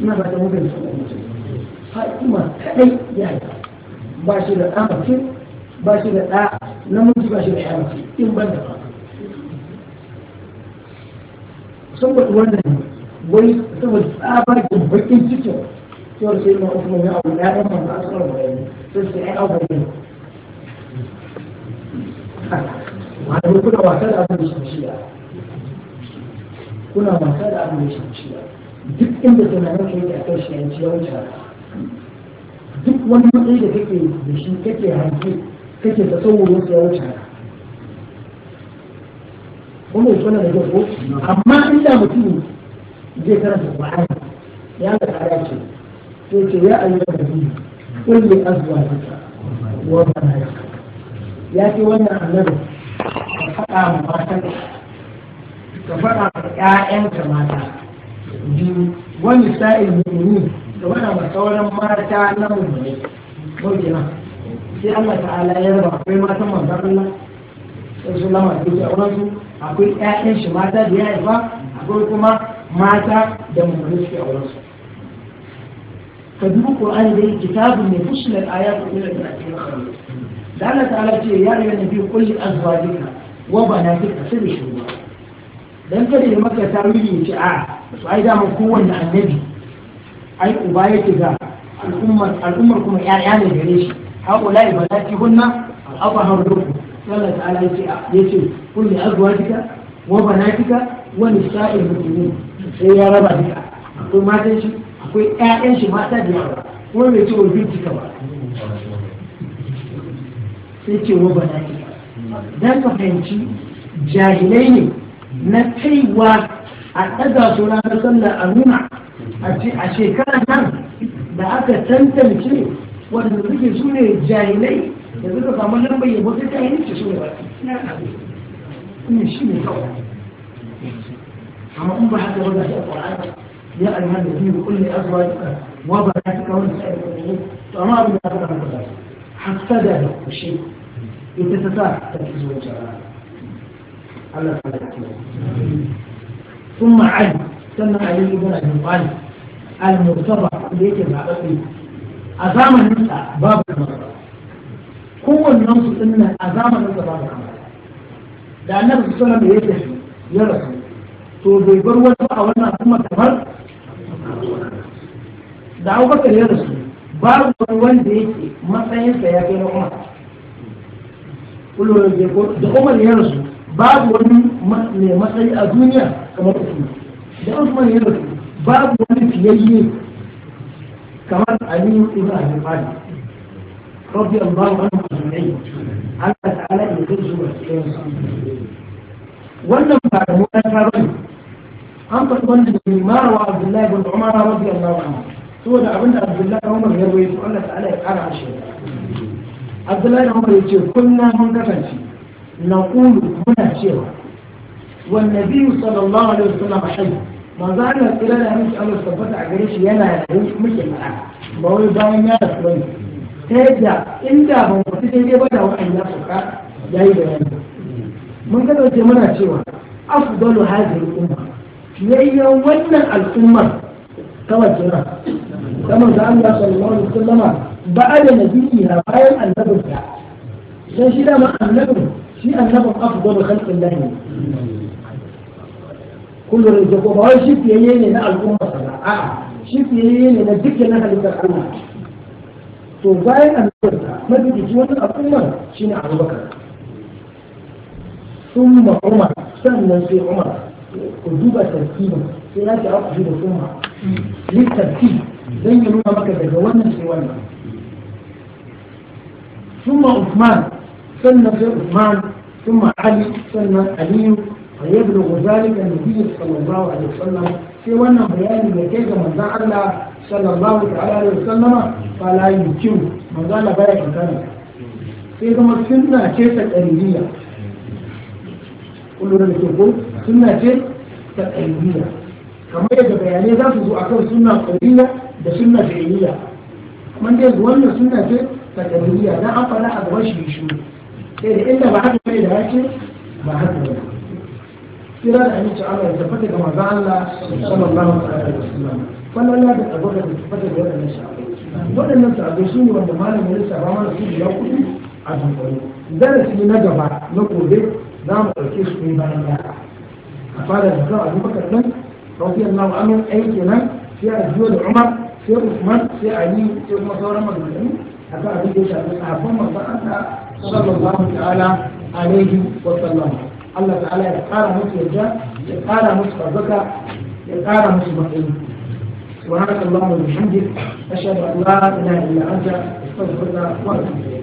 Speaker 1: na ba ta mutum fatima kaɗai ya yi. ba shi da ɗa ba shi da ɗa namiji ba shi da ya mace in ban da ba saboda wannan wai saboda tsabar da bakin cikin cewar sai ma kuma ya abu ya ɗan manzo a tsoron bayani sai sai ai abu ne
Speaker 2: ma'ana kuna wasa da
Speaker 1: abin da shi shi'a kuna wasa da abin da shi shi'a duk inda tunanin ka yake a kan shi yanci ya wuce duk wani matsayi da kake da shi kake hanki kake da sauwurin ya wuce kuma yake wannan da yau ko amma inda mutum zai karanta ba'ani ya ga tsara ce sai ce ya ayyuka da biyu kulli azwajika wa banaka ya ce wannan annabi faɗa ma matan ka faɗa ma ƴaƴanka mata biyu wani sa'il mu'minin da wani ba sauran mata na mummune na sai Allah ta'ala ya raba akwai matan manzon Allah sai su lama su wani su akwai ƴaƴan shi mata da ya haifa akwai kuma mata da mummune suke a wurin su ka dubi Qur'ani da kitabun ne fusilat ayatu ila al-akhir da Allah ta'ala ce ya ayyuhan ne bi kulli azwajika wa ba na fika sai da shi ba dan kada ya maka tarihi ce a su ai da kowanne annabi ai uba yake ga al'ummar al'ummar kuma ƴaƴa ne gare shi haula ibadati hunna al-abahu rukum Allah ta'ala yace yace kulli azwajika wa banatika wa nisa'il mu'minin sai ya raba duka akwai matan shi akwai ƴaƴan shi mata da yawa kuma bai ce wa bincika ba sai ce wa banatika don ka fahimci jahilai ne na kaiwa a ɗaga su ranar sallar a nuna a shekarar nan da aka tantance waɗanda suke su ne jahilai da suka samu lambar yabo ta jahilci su ne ba ne shi ne kawai amma in ba haka wanda shi a ƙwararra ya alhamdu biyu kulle azuwa wa ba ta kawai da shi a ƙwararra to amma abin da aka ɗaga hasada da kushe ita ta sa ta fi zuwa jara Allah ta da kyau sun ma'ali sannan Ali ibn yin kwali. al-murtaba da yake zaɓaɓɓe a zamanin sa babu kamar kowannen su din nan a zamanin sa babu kamar da annabi sallallahu alaihi wasallam ya rasu to bai bar wani a wannan kuma kamar da abubakar ya rasu babu wanda yake matsayinsa ya kai na umar kullum da umar ya rasu babu wani mai matsayi a duniya kamar usman da usman ya rasu babu wani fiyayye kamar aliyu ibn abi talib rabbi allah an musulmai allah ta'ala ya zurzu wa cikin wannan ba da mutaka ba ne an faɗi wanda da mara wa abdullahi bin umar rabbi allah anhu saboda abinda abdullahi umar ya rawaito allah ta'ala ya kara shi abdullahi da umar yace kunna mun kasance na qulu muna cewa wan nabiyyu sallallahu alaihi wasallam hayy manzo Allah kira da miki Allah tabbata a gare shi yana da muke ma'a ba wai bayan ya rasu bane sai da inda ban mutu daidai ba da wa'an ya sauka yayi bayani mun kasance muna cewa afdalu hadhihi al-umma yayyan wannan al'ummar ta wajira ta manzo Allah sallallahu alaihi wasallama ba a da nabiyiha bayan annabinta sai shi dama annabin shi annabin afdal khalqin lahi kullu rizqu ba wai shi fiyayye ne na al'umma sana a'a shi fiyayye ne na dukkan halittar Allah to bayan annabinta mabiyici wannan al'umma shine Abubakar ثم عمر sannan sai Umar ku duba tarkibin sai ya ce aku da kuma littafi zan yi nuna maka daga wannan sai wannan ثم عثمان ثم عثمان ثم علي ثم علي ويبلغ ذلك النبي صلى الله عليه وسلم في وانا بيان لكيك من ذا الله صلى الله عليه وسلم فلا يمكن من ذا لبايا كان في كما سنة كيسة تقريبية كل ذلك يقول سنة كيسة تقريبية كما يجب بياني ذا فزو أكثر سنة قريبية ده سنة فعلية من ذا وانا سنة كيسة fatawiyya dan an faɗa a gaban shi shi sai da inda ba haka mai da yake ba haka ba. kira da aminci Allah ya tabbata ga manzo Allah sallallahu alaihi wasallam wannan ya da tsabaka da tabbata da wannan shafi waɗannan sahabbai su ne wanda malamin ya saba mana su biya kuɗi a dunkule darasi na gaba na gobe za mu ɗauke su ne bayan yara a fara da kan abubakar nan radiyallahu anhu aiki nan sai a da umar sai usman sai ali sai kuma sauran maganganu akan abin da ya shafi sahabban manzon Allah sallallahu ta'ala alaihi wa sallam Allah ta'ala ya kara musu yarda ya kara musu fazaka ya kara musu matsayi سبحانك اللهم وبحمدك أشهد أن لا إله إلا أنت أستغفرك وأتوب إليك